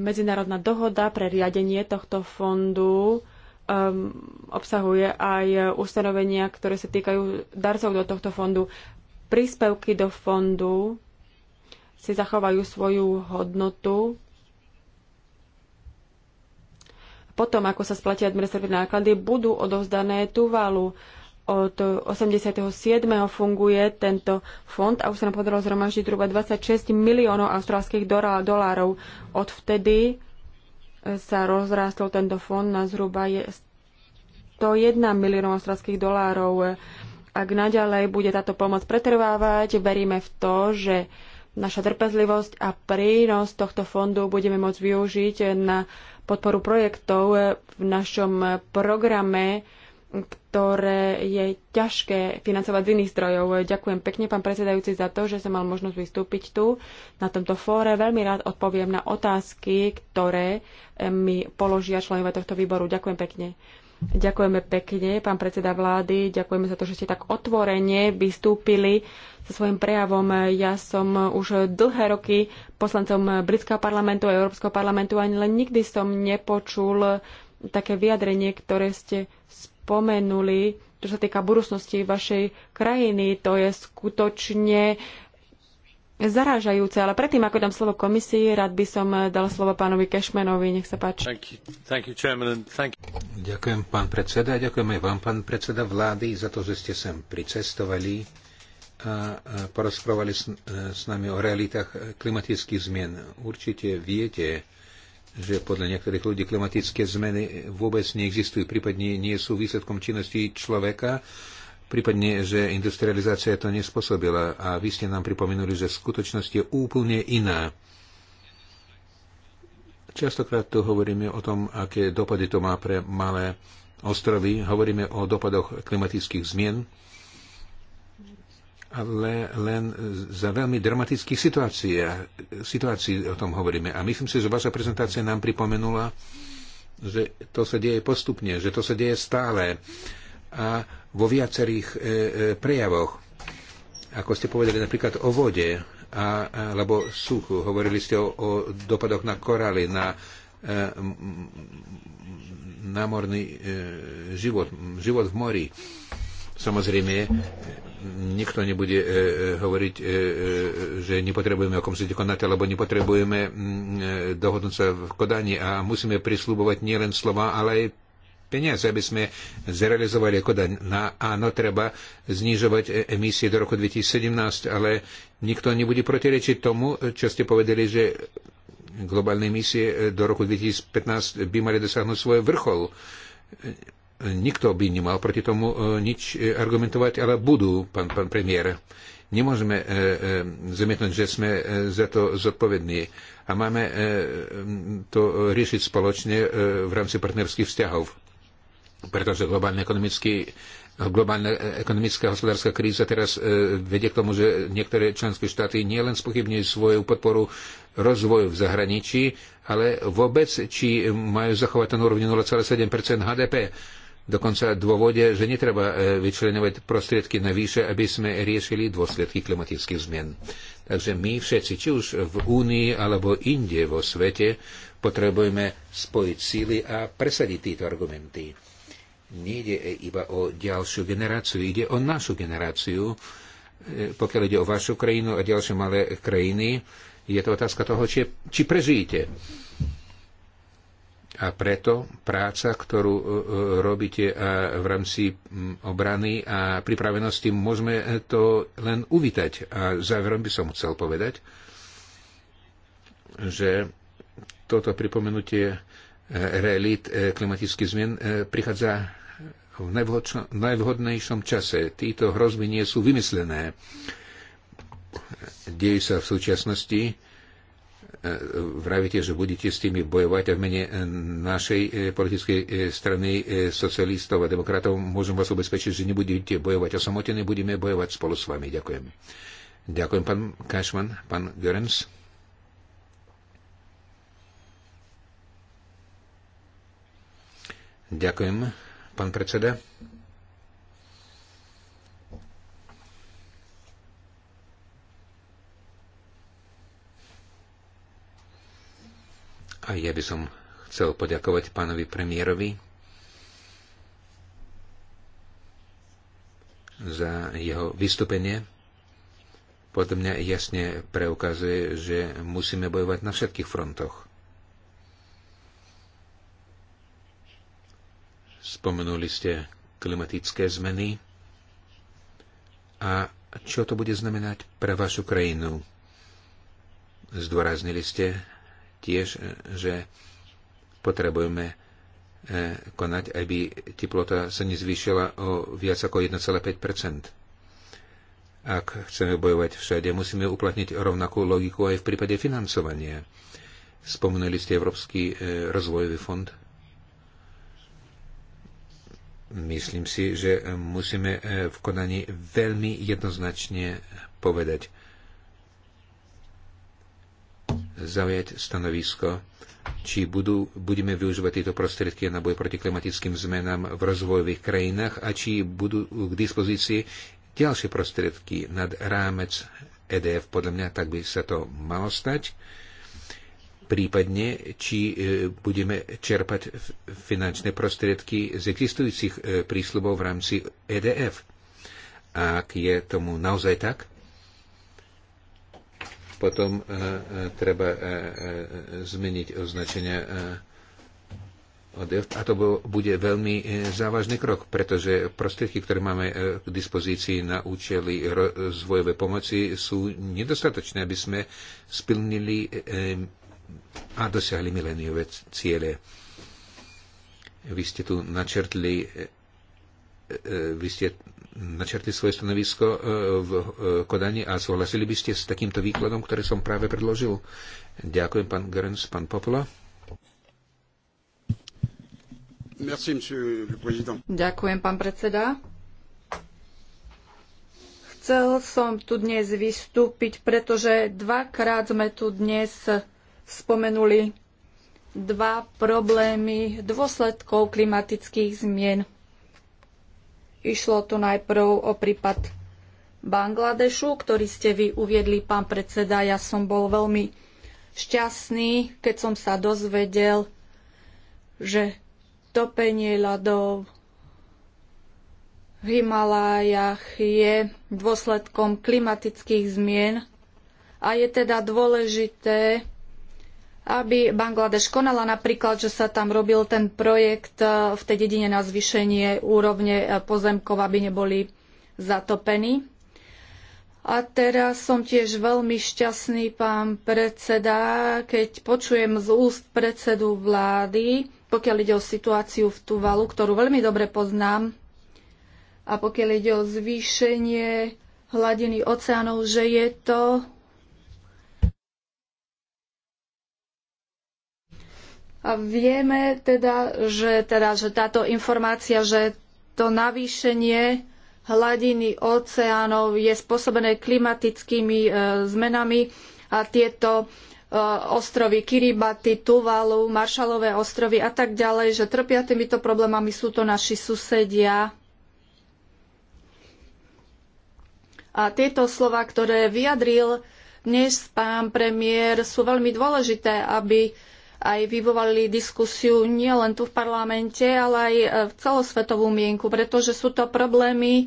Medzinárodná dohoda pre riadenie tohto fondu um, obsahuje aj ustanovenia, ktoré sa týkajú darcov do tohto fondu. Príspevky do fondu si zachovajú svoju hodnotu potom, ako sa splatia administratívne náklady, budú odovzdané Tuvalu. Od 87. funguje tento fond a už sa nám podarilo zhromaždiť zhruba 26 miliónov austrálskych dolárov. Odvtedy sa rozrástol tento fond na zhruba 101 miliónov australských dolárov. Ak naďalej bude táto pomoc pretrvávať, veríme v to, že naša trpezlivosť a prínos tohto fondu budeme môcť využiť na podporu projektov v našom programe ktoré je ťažké financovať z iných zdrojov. Ďakujem pekne, pán predsedajúci, za to, že som mal možnosť vystúpiť tu na tomto fóre. Veľmi rád odpoviem na otázky, ktoré eh, mi položia členovia tohto výboru. Ďakujem pekne. Ďakujeme pekne, pán predseda vlády. Ďakujeme za to, že ste tak otvorene vystúpili so svojím prejavom. Ja som už dlhé roky poslancom Britského parlamentu a Európskeho parlamentu, ani len nikdy som nepočul také vyjadrenie, ktoré ste spomenuli, čo sa týka budúcnosti vašej krajiny. To je skutočne zarážajúce, ale predtým, ako dám slovo komisii, rád by som dal slovo pánovi Kešmenovi. Nech sa páči. Thank you. Thank you, ďakujem, pán predseda. Ďakujem aj vám, pán predseda vlády, za to, že ste sem pricestovali a porozprávali s, s nami o realitách klimatických zmien. Určite viete, že podľa niektorých ľudí klimatické zmeny vôbec neexistujú, prípadne nie sú výsledkom činnosti človeka, prípadne, že industrializácia to nespôsobila. A vy ste nám pripomenuli, že skutočnosť je úplne iná. Častokrát tu hovoríme o tom, aké dopady to má pre malé ostrovy, hovoríme o dopadoch klimatických zmien, ale len e, za veľmi dramatických situácií, e, situácií o tom hovoríme. A myslím si, že vaša prezentácia nám pripomenula, že to sa deje postupne, že to sa deje stále a vo viacerých e, e, prejavoch. Ako ste povedali napríklad o vode a, alebo suchu, hovorili ste o, o dopadoch na korály, na e, námorný e, život, život v mori. Samozrejme, nikto nebude e, e, hovoriť, e, že nepotrebujeme okamžite konať, alebo nepotrebujeme mm, dohodnúť sa v Kodani a musíme prislúbovať nielen slova, ale aj peniaze, aby sme zrealizovali Kodaň. Na, áno, treba znižovať emisie do roku 2017, ale nikto nebude protirečiť tomu, čo ste povedali, že globálne emisie do roku 2015 by mali dosiahnuť svoj vrchol Nikto by nemal proti tomu e, nič e, argumentovať, ale budú, pán, pán premiér. Nemôžeme e, e, zamietnúť, že sme e, za to zodpovední a máme e, to riešiť spoločne e, v rámci partnerských vzťahov. Pretože globálne ekonomický globálna e, ekonomická a hospodárska kríza teraz vedie k tomu, že niektoré členské štáty nielen spochybňujú svoju podporu rozvoju v zahraničí, ale vôbec, či majú zachovať ten úroveň 0,7 HDP dokonca dôvode, že netreba e, vyčlenovať prostriedky navýše, aby sme riešili dôsledky klimatických zmien. Takže my všetci, či už v Únii alebo inde vo svete, potrebujeme spojiť síly a presadiť tieto argumenty. Nejde e, iba o ďalšiu generáciu, ide o našu generáciu, e, pokiaľ ide o vašu krajinu a ďalšie malé krajiny, je to otázka toho, či, či prežijete. A preto práca, ktorú e, e, robíte e, v rámci obrany a pripravenosti, môžeme to len uvítať. A záverom by som chcel povedať, že toto pripomenutie realít klimatických zmien prichádza v najvhodnejšom čase. Títo hrozby nie sú vymyslené. Dejú sa v súčasnosti vravíte, že budete s tými bojovať a v mene našej e, politickej e, strany e, socialistov a demokratov môžem vás ubezpečiť, že nebudete bojovať osamotene, budeme bojovať spolu s vami. Ďakujem. Ďakujem, pán Kašman, pán Görens. Ďakujem, pán predseda. A ja by som chcel poďakovať pánovi premiérovi za jeho vystúpenie. Podľa mňa jasne preukazuje, že musíme bojovať na všetkých frontoch. Spomenuli ste klimatické zmeny. A čo to bude znamenať pre vašu krajinu? Zdôraznili ste tiež, že potrebujeme e, konať, aby teplota sa nezvýšila o viac ako 1,5 Ak chceme bojovať všade, musíme uplatniť rovnakú logiku aj v prípade financovania. Spomenuli ste Európsky e, rozvojový fond. Myslím si, že musíme e, v konaní veľmi jednoznačne povedať – zaujať stanovisko, či budú, budeme využívať tieto prostriedky na boj proti klimatickým zmenám v rozvojových krajinách a či budú k dispozícii ďalšie prostriedky nad rámec EDF. Podľa mňa tak by sa to malo stať. Prípadne, či e, budeme čerpať finančné prostriedky z existujúcich e, prísľubov v rámci EDF. A ak je tomu naozaj tak, potom e, e, treba e, zmeniť označenie ODF a to bude veľmi závažný krok, pretože prostriedky, ktoré máme k dispozícii na účely rozvojovej pomoci, sú nedostatočné, aby sme splnili a dosiahli mileniové ciele. Vy ste tu načrtli, vy ste načrtli svoje stanovisko e, v e, Kodani a súhlasili by ste s takýmto výkladom, ktorý som práve predložil? Ďakujem, pán Gerens, pán Popola. Merci, Ďakujem, pán predseda. Chcel som tu dnes vystúpiť, pretože dvakrát sme tu dnes spomenuli dva problémy dôsledkov klimatických zmien. Išlo tu najprv o prípad Bangladešu, ktorý ste vy uviedli, pán predseda. Ja som bol veľmi šťastný, keď som sa dozvedel, že topenie ľadov v Himalájach je dôsledkom klimatických zmien a je teda dôležité aby Bangladeš konala napríklad, že sa tam robil ten projekt e, v tej dedine na zvýšenie úrovne e, pozemkov, aby neboli zatopení. A teraz som tiež veľmi šťastný, pán predseda, keď počujem z úst predsedu vlády, pokiaľ ide o situáciu v Tuvalu, ktorú veľmi dobre poznám, a pokiaľ ide o zvýšenie hladiny oceánov, že je to A vieme teda, že, teda, že táto informácia, že to navýšenie hladiny oceánov je spôsobené klimatickými e, zmenami a tieto e, ostrovy Kiribati, Tuvalu, Maršalové ostrovy a tak ďalej, že trpia týmito problémami, sú to naši susedia. A tieto slova, ktoré vyjadril dnes pán premiér, sú veľmi dôležité, aby aj vyvolali diskusiu nielen tu v parlamente, ale aj e, v celosvetovú mienku, pretože sú to problémy e,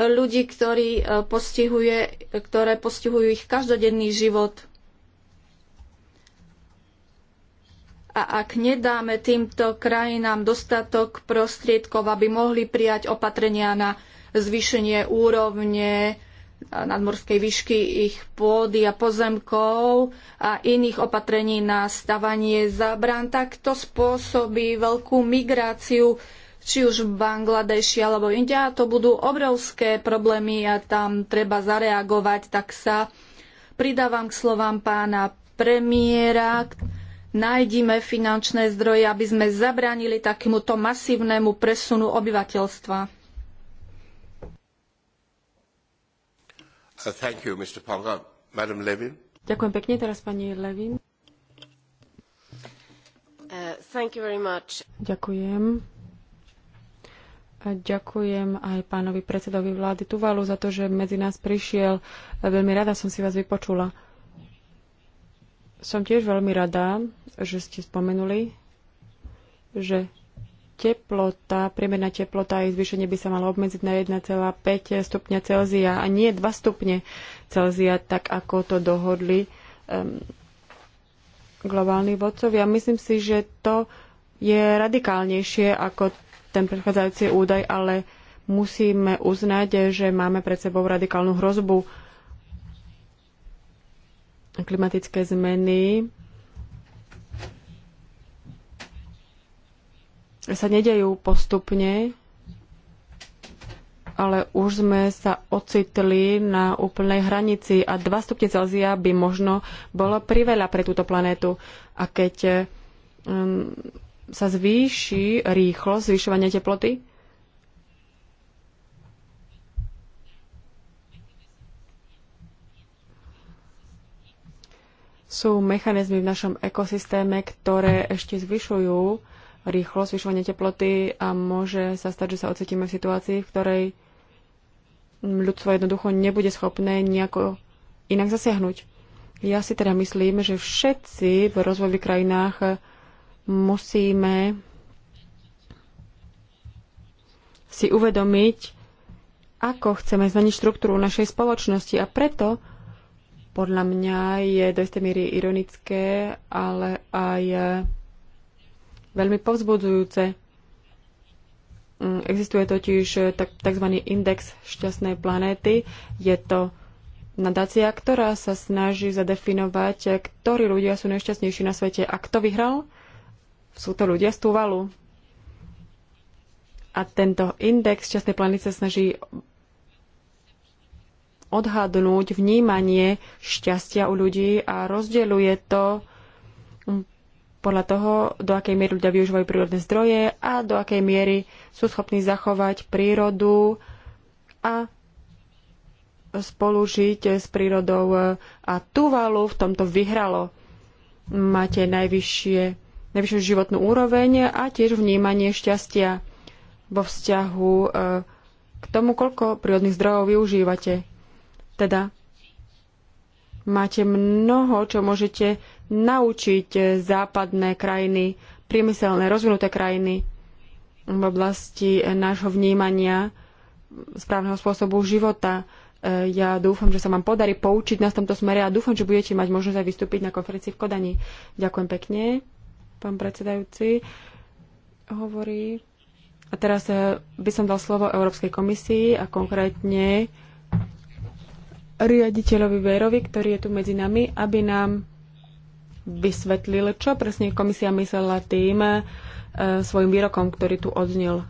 ľudí, ktorí e, postihuje, ktoré postihujú ich každodenný život. A ak nedáme týmto krajinám dostatok prostriedkov, aby mohli prijať opatrenia na zvýšenie úrovne nadmorskej výšky ich pôdy a pozemkov a iných opatrení na stavanie zábran, tak to spôsobí veľkú migráciu či už v Bangladeši alebo India, to budú obrovské problémy a tam treba zareagovať, tak sa pridávam k slovám pána premiéra. Nájdime finančné zdroje, aby sme zabránili takémuto masívnemu presunu obyvateľstva. Uh, you, Ďakujem pekne. Teraz pani Levin. Uh, Ďakujem. A ďakujem aj pánovi predsedovi vlády Tuvalu za to, že medzi nás prišiel. Veľmi rada som si vás vypočula. Som tiež veľmi rada, že ste spomenuli, že teplota, priemerná teplota aj zvýšenie by sa malo obmedziť na 1,5 stupňa Celzia a nie 2 stupne Celzia, tak ako to dohodli um, globálni vodcovia. Myslím si, že to je radikálnejšie ako ten predchádzajúci údaj, ale musíme uznať, že máme pred sebou radikálnu hrozbu klimatické zmeny sa nedejú postupne, ale už sme sa ocitli na úplnej hranici a 2 stupne Celzia by možno bolo priveľa pre túto planétu. A keď um, sa zvýši rýchlosť zvyšovania teploty, sú mechanizmy v našom ekosystéme, ktoré ešte zvyšujú rýchlo zvyšovanie teploty a môže sa stať, že sa ocitíme v situácii, v ktorej ľudstvo jednoducho nebude schopné nejako inak zasiahnuť. Ja si teda myslím, že všetci v rozvojových krajinách musíme si uvedomiť, ako chceme zmeniť štruktúru našej spoločnosti a preto podľa mňa je do istej miery ironické, ale aj veľmi povzbudzujúce. Mm, existuje totiž eh, tzv. index šťastnej planéty. Je to nadácia, ktorá sa snaží zadefinovať, eh, ktorí ľudia sú najšťastnejší na svete a kto vyhral. Sú to ľudia z Tuvalu. A tento index šťastnej planéty sa snaží odhadnúť vnímanie šťastia u ľudí a rozdeľuje to mm, podľa toho, do akej miery ľudia využívajú prírodné zdroje a do akej miery sú schopní zachovať prírodu a spolužiť s prírodou. A Tuvalu v tomto vyhralo. Máte najvyššie, najvyššiu životnú úroveň a tiež vnímanie šťastia vo vzťahu eh, k tomu, koľko prírodných zdrojov využívate. Teda máte mnoho, čo môžete naučiť e, západné krajiny, priemyselné, rozvinuté krajiny v oblasti e, nášho vnímania správneho spôsobu života. E, ja dúfam, že sa vám podarí poučiť nás v tomto smere a dúfam, že budete mať možnosť aj vystúpiť na konferencii v Kodani. Ďakujem pekne, pán predsedajúci. Hovorí. A teraz by som dal slovo Európskej komisii a konkrétne riaditeľovi Vérovi, ktorý je tu medzi nami, aby nám vysvetlil, čo presne komisia myslela tým e, svojim výrokom, ktorý tu odznel.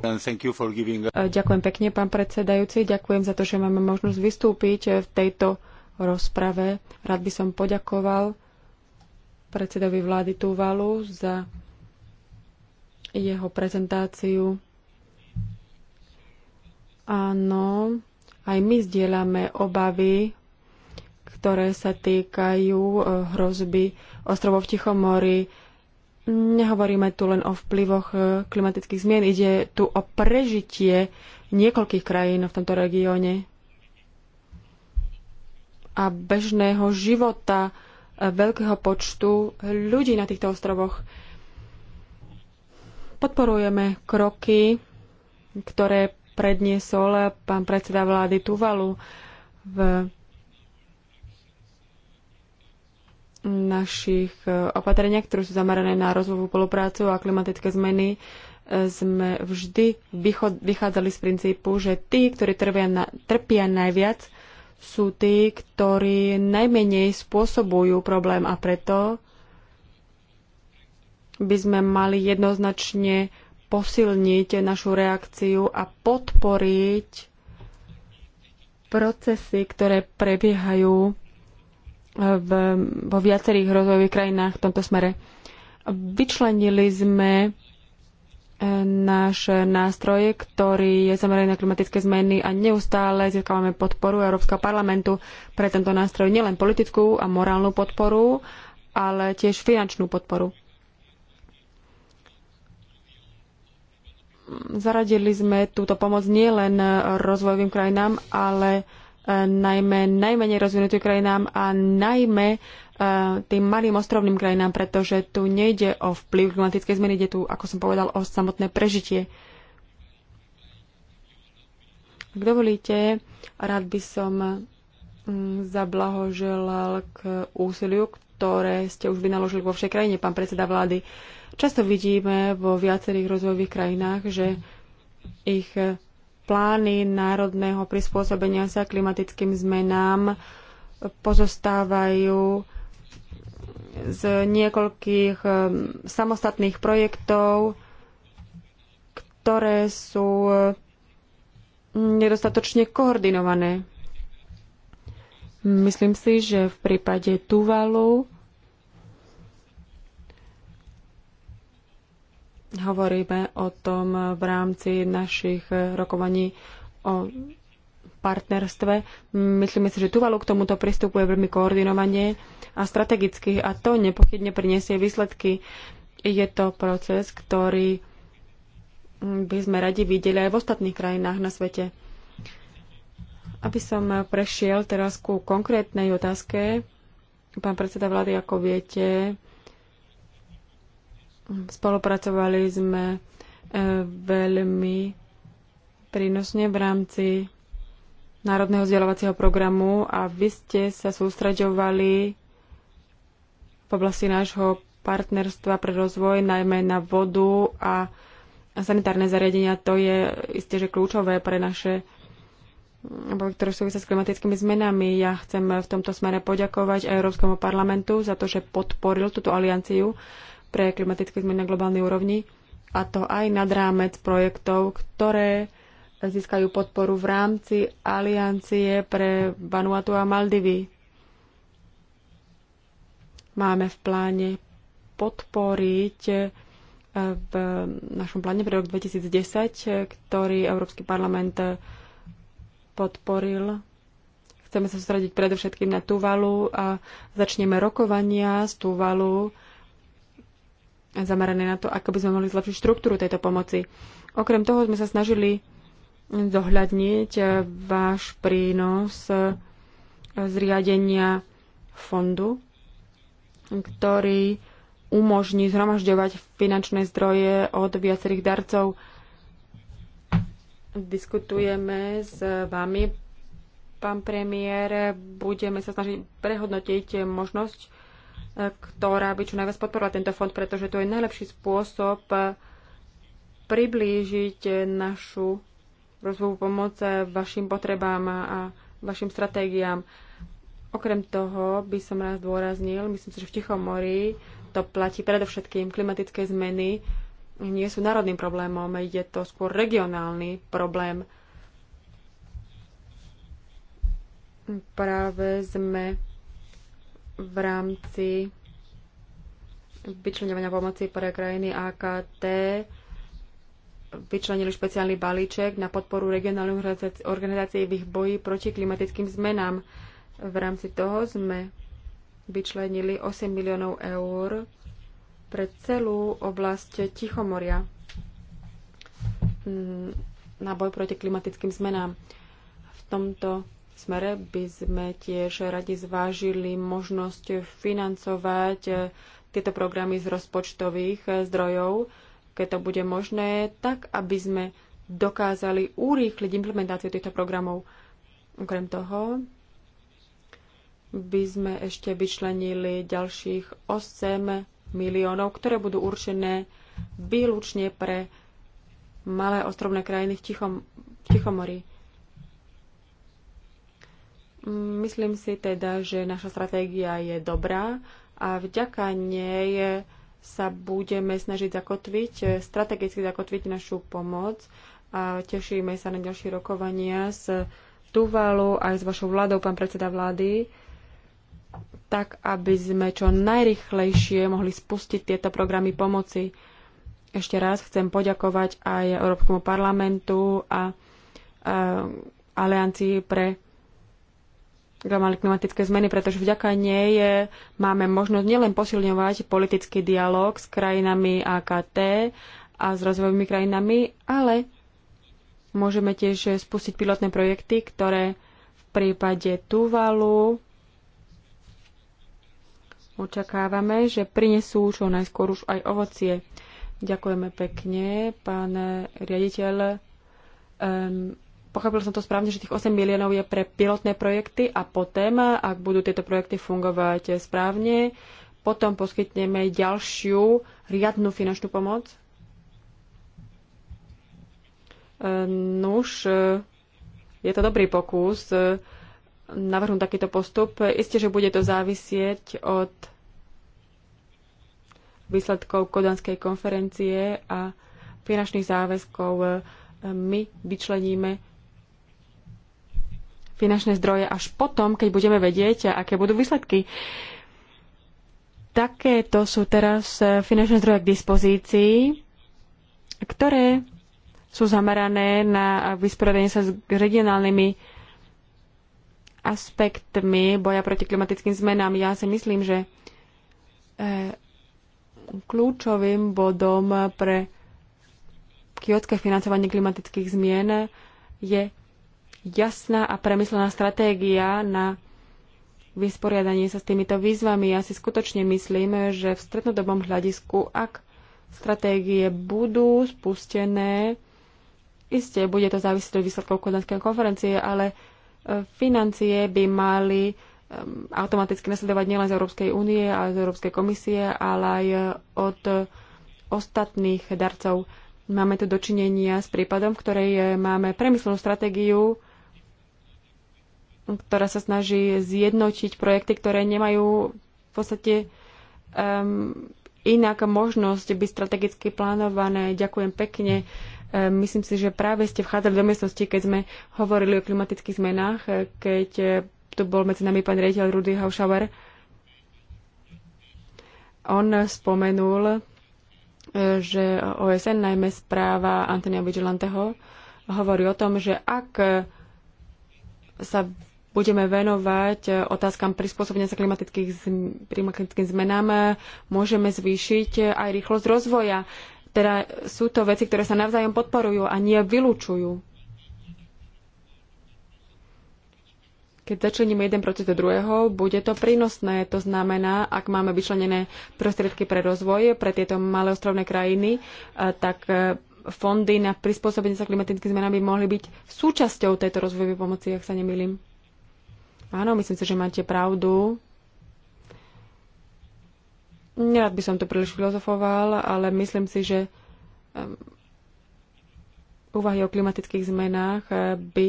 Giving... E, ďakujem pekne, pán predsedajúci. Ďakujem za to, že máme možnosť vystúpiť v tejto rozprave. Rád by som poďakoval predsedovi vlády Túvalu za jeho prezentáciu. Áno, aj my zdieľame obavy ktoré sa týkajú e, hrozby ostrovov v Tichom mori. Nehovoríme tu len o vplyvoch e, klimatických zmien, ide tu o prežitie niekoľkých krajín v tomto regióne a bežného života e, veľkého počtu ľudí na týchto ostrovoch. Podporujeme kroky, ktoré predniesol pán predseda vlády Tuvalu v našich e, opatrenia, ktoré sú zamerané na rozvojovú spoluprácu a klimatické zmeny, e, sme vždy vychádzali z princípu, že tí, ktorí trpia, na, trpia najviac, sú tí, ktorí najmenej spôsobujú problém a preto by sme mali jednoznačne posilniť našu reakciu a podporiť procesy, ktoré prebiehajú v, vo viacerých rozvojových krajinách v tomto smere. Vyčlenili sme e, náš nástroj, ktorý je zameraný na klimatické zmeny a neustále získavame podporu Európskeho parlamentu pre tento nástroj, nielen politickú a morálnu podporu, ale tiež finančnú podporu. Zaradili sme túto pomoc nielen rozvojovým krajinám, ale najmä najmenej rozvinutým krajinám a najmä e, tým malým ostrovným krajinám, pretože tu nejde o vplyv klimatickej zmeny, ide tu, ako som povedal, o samotné prežitie. Ak dovolíte, rád by som mm, zablahoželal k úsiliu, ktoré ste už vynaložili vo všej krajine, pán predseda vlády. Často vidíme vo viacerých rozvojových krajinách, že ich plány národného prispôsobenia sa klimatickým zmenám pozostávajú z niekoľkých eh, samostatných projektov, ktoré sú eh, nedostatočne koordinované. Myslím si, že v prípade Tuvalu Hovoríme o tom v rámci našich rokovaní o partnerstve. Myslíme si, že Tuvalu k tomuto pristupuje veľmi koordinovanie a strategicky a to nepochybne priniesie výsledky. Je to proces, ktorý by sme radi videli aj v ostatných krajinách na svete. Aby som prešiel teraz ku konkrétnej otázke, pán predseda vlády, ako viete, Spolupracovali sme e, veľmi prínosne v rámci Národného vzdelávacieho programu a vy ste sa sústraďovali v oblasti nášho partnerstva pre rozvoj, najmä na vodu a sanitárne zariadenia. To je isté, že kľúčové pre naše ktoré súvisia s klimatickými zmenami. Ja chcem v tomto smere poďakovať Európskemu parlamentu za to, že podporil túto alianciu pre klimatické zmeny na globálnej úrovni, a to aj nad rámec projektov, ktoré získajú podporu v rámci aliancie pre Vanuatu a Maldivy. Máme v pláne podporiť e, v našom pláne pre rok 2010, e, ktorý Európsky parlament e, podporil. Chceme sa sústrediť predovšetkým na Tuvalu a začneme rokovania z Tuvalu zamerané na to, ako by sme mohli zlepšiť štruktúru tejto pomoci. Okrem toho sme sa snažili zohľadniť eh, váš prínos eh, zriadenia fondu, ktorý umožní zhromažďovať finančné zdroje od viacerých darcov. Diskutujeme s vami, pán premiér. Budeme sa snažiť prehodnotiť možnosť ktorá by čo najviac podporila tento fond, pretože to je najlepší spôsob eh, priblížiť našu rozvojovú pomoc eh, vašim potrebám a vašim stratégiám. Okrem toho by som raz dôraznil, myslím si, že v mori to platí predovšetkým klimatické zmeny nie sú národným problémom, je to skôr regionálny problém. Práve sme v rámci vyčlenovania pomoci pre krajiny AKT vyčlenili špeciálny balíček na podporu regionálnych organizácií v ich boji proti klimatickým zmenám. V rámci toho sme vyčlenili 8 miliónov eur pre celú oblasť Tichomoria na boj proti klimatickým zmenám. V tomto smere by sme tiež radi zvážili možnosť financovať e, tieto programy z rozpočtových e, zdrojov, keď to bude možné, tak aby sme dokázali urýchliť implementáciu týchto programov. Okrem toho by sme ešte vyčlenili ďalších 8 miliónov, ktoré budú určené výlučne pre malé ostrovné krajiny v Tichom, v Tichomorí Myslím si teda, že naša stratégia je dobrá a vďaka nej sa budeme snažiť zakotviť, strategicky zakotviť našu pomoc a tešíme sa na ďalšie rokovania s Tuvalu aj s vašou vládou, pán predseda vlády, tak aby sme čo najrychlejšie mohli spustiť tieto programy pomoci. Ešte raz chcem poďakovať aj Európskemu parlamentu a, a Aliancii pre globálne teda klimatické zmeny, pretože vďaka nej je, máme možnosť nielen posilňovať politický dialog s krajinami AKT a s rozvojovými krajinami, ale môžeme tiež spustiť pilotné projekty, ktoré v prípade Tuvalu očakávame, že prinesú čo najskôr už aj ovocie. Ďakujeme pekne, pán riaditeľ. Um, pochopil som to správne, že tých 8 miliónov je pre pilotné projekty a potom, ak budú tieto projekty fungovať správne, potom poskytneme ďalšiu riadnu finančnú pomoc. E, nuž, e, je to dobrý pokus e, navrhnúť takýto postup. Isté, že bude to závisieť od výsledkov Kodanskej konferencie a finančných záväzkov my vyčleníme finančné zdroje až potom, keď budeme vedieť, aké budú výsledky. Takéto sú teraz e, finančné zdroje k dispozícii, ktoré sú zamerané na vysporiadanie sa s regionálnymi aspektmi boja proti klimatickým zmenám. Ja si myslím, že e, kľúčovým bodom pre kiotské financovanie klimatických zmien je jasná a premyslená stratégia na vysporiadanie sa s týmito výzvami. Ja si skutočne myslím, že v strednodobom hľadisku, ak stratégie budú spustené, isté bude to závisieť od výsledkov kodanskej konferencie, ale e, financie by mali e, automaticky nasledovať nielen z Európskej únie a z Európskej komisie, ale aj e, od ostatných darcov. Máme tu dočinenia s prípadom, v ktorej máme premyslenú stratégiu, ktorá sa snaží zjednotiť projekty, ktoré nemajú v podstate um, inak možnosť byť strategicky plánované. Ďakujem pekne. Um, myslím si, že práve ste vchádzali do miestnosti, keď sme hovorili o klimatických zmenách, keď tu bol medzi nami pán riaditeľ Rudy Hauschauer. On spomenul, uh, že OSN, najmä správa Antonia Vigilanteho, hovorí o tom, že ak sa budeme venovať eh, otázkam prispôsobenia sa klimatickým zmenám, môžeme zvýšiť eh, aj rýchlosť rozvoja. Teda eh, sú to veci, ktoré sa navzájom podporujú a nie vylúčujú. Keď začleníme jeden proces do druhého, bude to prínosné. To znamená, ak máme vyčlenené prostriedky pre rozvoj pre tieto malé ostrovné krajiny, tak fondy na prispôsobenie sa klimatickým zmenám by mohli byť súčasťou tejto rozvojovej pomoci, ak sa nemýlim. Áno, myslím si, že máte pravdu. Nerad by som to príliš filozofoval, ale myslím si, že úvahy o klimatických zmenách eh, by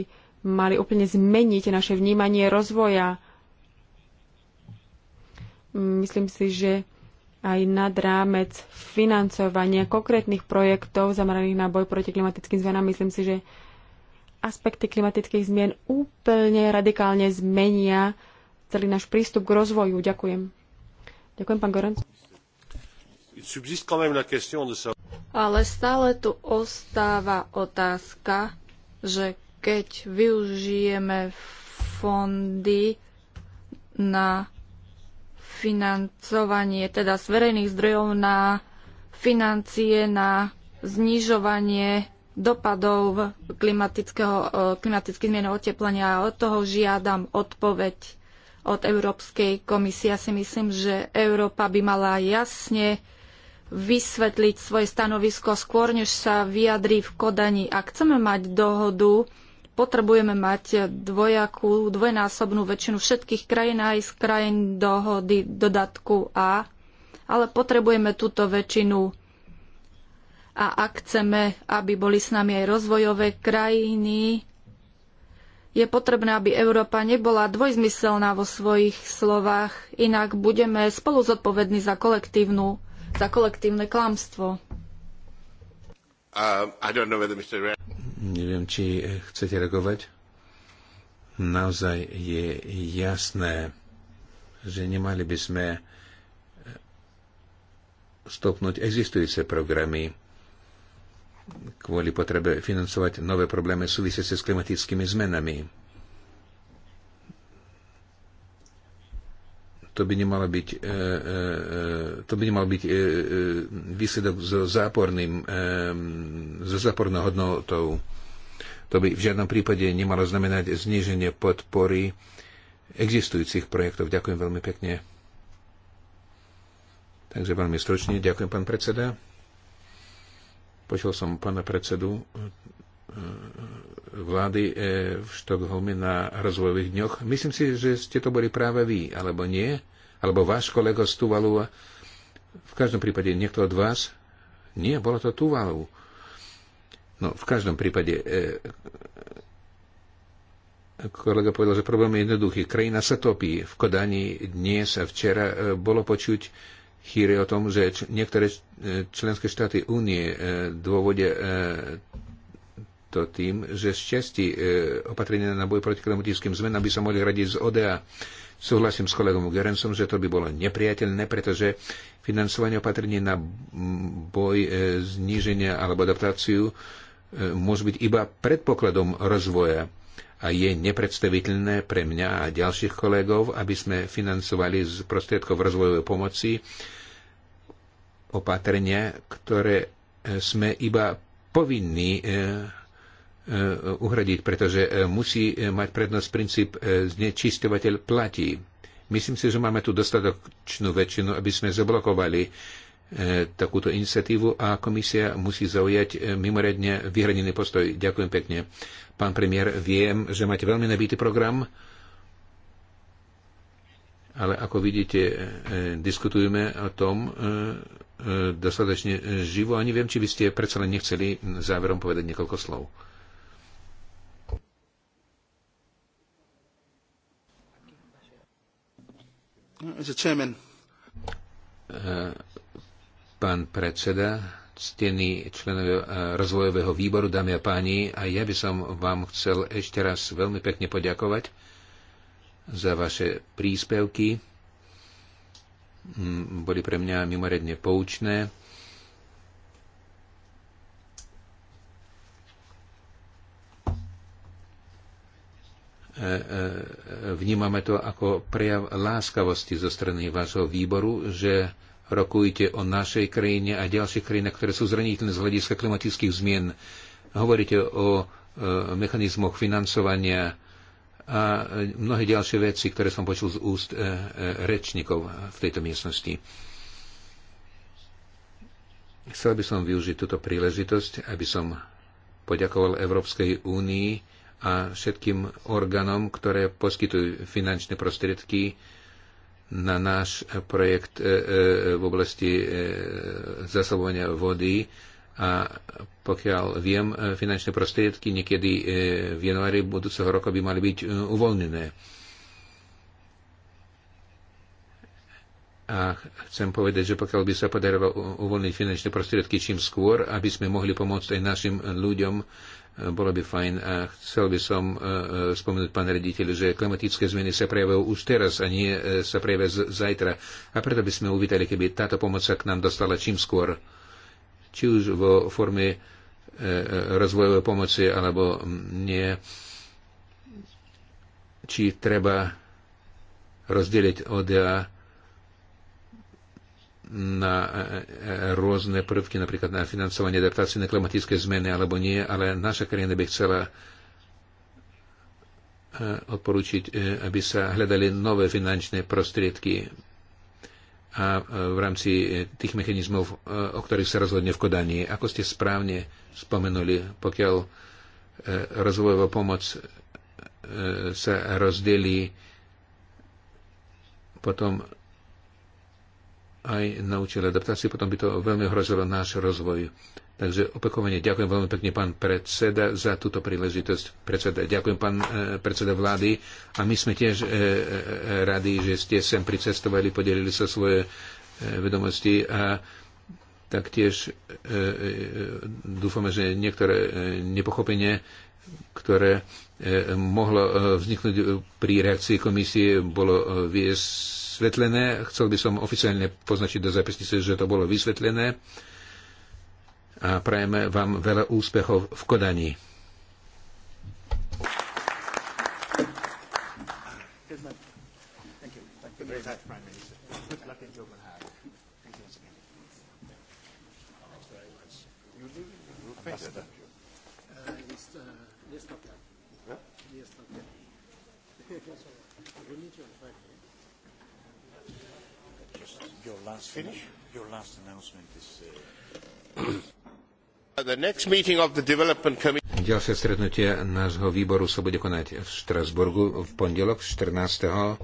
mali úplne zmeniť naše vnímanie rozvoja. Myslím si, že aj nad rámec financovania konkrétnych projektov zameraných na boj proti klimatickým zmenám, myslím si, že aspekty klimatických zmien úplne radikálne zmenia celý náš prístup k rozvoju. Ďakujem. Ďakujem, pán Gorenc. Ale stále tu ostáva otázka, že keď využijeme fondy na financovanie, teda z verejných zdrojov na financie, na znižovanie dopadov e, klimatických zmien oteplenia. Od toho žiadam odpoveď od Európskej komisie. Ja si myslím, že Európa by mala jasne vysvetliť svoje stanovisko skôr, než sa vyjadrí v Kodani. Ak chceme mať dohodu, potrebujeme mať dvojakú, dvojnásobnú väčšinu všetkých krajín aj z krajín dohody dodatku A, ale potrebujeme túto väčšinu a ak chceme, aby boli s nami aj rozvojové krajiny, je potrebné, aby Európa nebola dvojzmyselná vo svojich slovách, inak budeme spolu zodpovední za, kolektívnu, za kolektívne klamstvo. Uh, Mr... Neviem, či chcete reagovať. Naozaj je jasné, že nemali by sme stopnúť existujúce programy kvôli potrebe financovať nové problémy súvisiace s klimatickými zmenami. To by nemal byť, e, e, e, to by nemal byť výsledok so, záporným, so zápornou hodnotou. To by v žiadnom prípade nemalo znamenať zníženie podpory existujúcich projektov. Ďakujem veľmi pekne. Takže veľmi stručne. Ďakujem, pán predseda. Počul som pána predsedu eh, eh, vlády eh, v Štokholme na rozvojových dňoch. Myslím si, že ste to boli práve vy, alebo nie? Alebo váš kolega z Tuvalu? V každom prípade niekto od vás? Nie, bolo to Tuvalu. No, v každom prípade kolega povedal, že problém je jednoduchý. Krajina sa topí. V Kodani dnes a včera bolo počuť chýry o tom, že niektoré e, členské štáty únie e, dôvode e, to tým, že z časti opatrenia na boj proti klimatickým zmenám by sa mohli radiť z ODA. Súhlasím s kolegom Gerencom, že to by bolo nepriateľné, pretože financovanie opatrení na boj, zníženia alebo adaptáciu môže byť iba predpokladom rozvoja a je nepredstaviteľné pre mňa a ďalších kolegov, aby sme financovali z prostriedkov rozvojovej pomoci opatrenia, ktoré e, sme iba povinní e, e, uhradiť, pretože musí mať prednosť princíp znečisťovateľ platí. Myslím si, že máme tu dostatočnú väčšinu, aby sme zablokovali takúto iniciatívu a komisia musí zaujať mimoriadne vyhranený postoj. Ďakujem pekne. Pán premiér, viem, že máte veľmi nabitý program, ale ako vidíte, e, e, diskutujeme o tom e, dostatečne živo a neviem, či by ste predsa len nechceli záverom povedať niekoľko slov. Pán predseda, ctení členovia eh, rozvojového výboru, dámy a páni, a ja by som vám chcel ešte raz veľmi pekne poďakovať za vaše príspevky. Mm, boli pre mňa mimoriadne poučné. Eh, eh, vnímame to ako prejav láskavosti zo strany vášho výboru, že Rokujte o našej krajine a ďalších krajinách, ktoré sú zraniteľné z hľadiska klimatických zmien. Hovoríte o e, mechanizmoch financovania a mnohé ďalšie veci, ktoré som počul z úst e, e, rečníkov v tejto miestnosti. Chcel by som využiť túto príležitosť, aby som poďakoval Európskej únii a všetkým orgánom, ktoré poskytujú finančné prostriedky na náš projekt e, e, v oblasti e, zasobovania vody a pokiaľ viem, finančné prostriedky niekedy v januári budúceho roka by mali byť uvoľnené. A chcem povedať, že pokiaľ by sa podarilo uvoľniť finančné prostriedky čím skôr, aby sme mohli pomôcť aj našim ľuďom bolo by fajn a chcel by som e, e, spomenúť, pán rediteľ, že klimatické zmeny sa prejavujú už teraz a nie e, sa prejavia zajtra. A preto by sme uvítali, keby táto pomoc sa k nám dostala čím skôr. Či už vo forme rozvojovej pomoci alebo nie. Či treba rozdeliť ODA na e, e, rôzne prvky, napríklad na financovanie adaptácie na klimatické zmeny alebo nie, ale naša krajina by chcela e, odporučiť, aby sa hľadali nové finančné prostriedky a v rámci tých mechanizmov, o ktorých sa rozhodne v Kodani. Ako ste správne spomenuli, pokiaľ rozvojová pomoc sa rozdelí, potom aj naučili adaptáciu, potom by to veľmi ohrozilo náš rozvoj. Takže opakovane ďakujem veľmi pekne pán predseda za túto príležitosť. Predseda, ďakujem pán e, predseda vlády a my sme tiež e, e, e radi, že ste sem pricestovali, podelili sa svoje e, vedomosti a taktiež e, e, dúfame, že niektoré e, nepochopenie, ktoré e, mohlo e, vzniknúť pri reakcii komisie, bolo e, viesť vysvetlené. Chcel by som oficiálne poznačiť do zapisnice, že to bolo vysvetlené a prajeme vám veľa úspechov v Kodani. last finish? Your last announcement is. Uh... The next meeting of the Development Committee. Ďalšie stretnutie nášho výboru sa bude konať v Štrasburgu v pondelok 14.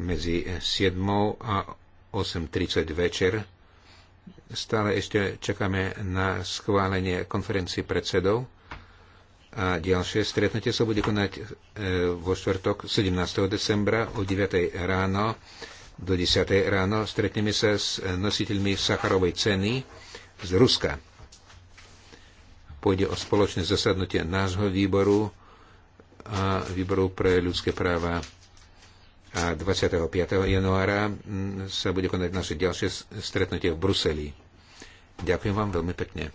medzi 7. a 8.30 večer. Stále ešte čakáme na schválenie konferencii predsedov a ďalšie stretnutie sa bude konať eh, vo štvrtok 17. decembra o 9. ráno do 10. ráno stretneme sa s nositeľmi Sacharovej ceny z Ruska. Pôjde o spoločné zasadnutie nášho výboru a výboru pre ľudské práva. A 25. januára mm, sa bude konať naše ďalšie stretnutie v Bruseli. Ďakujem vám veľmi pekne.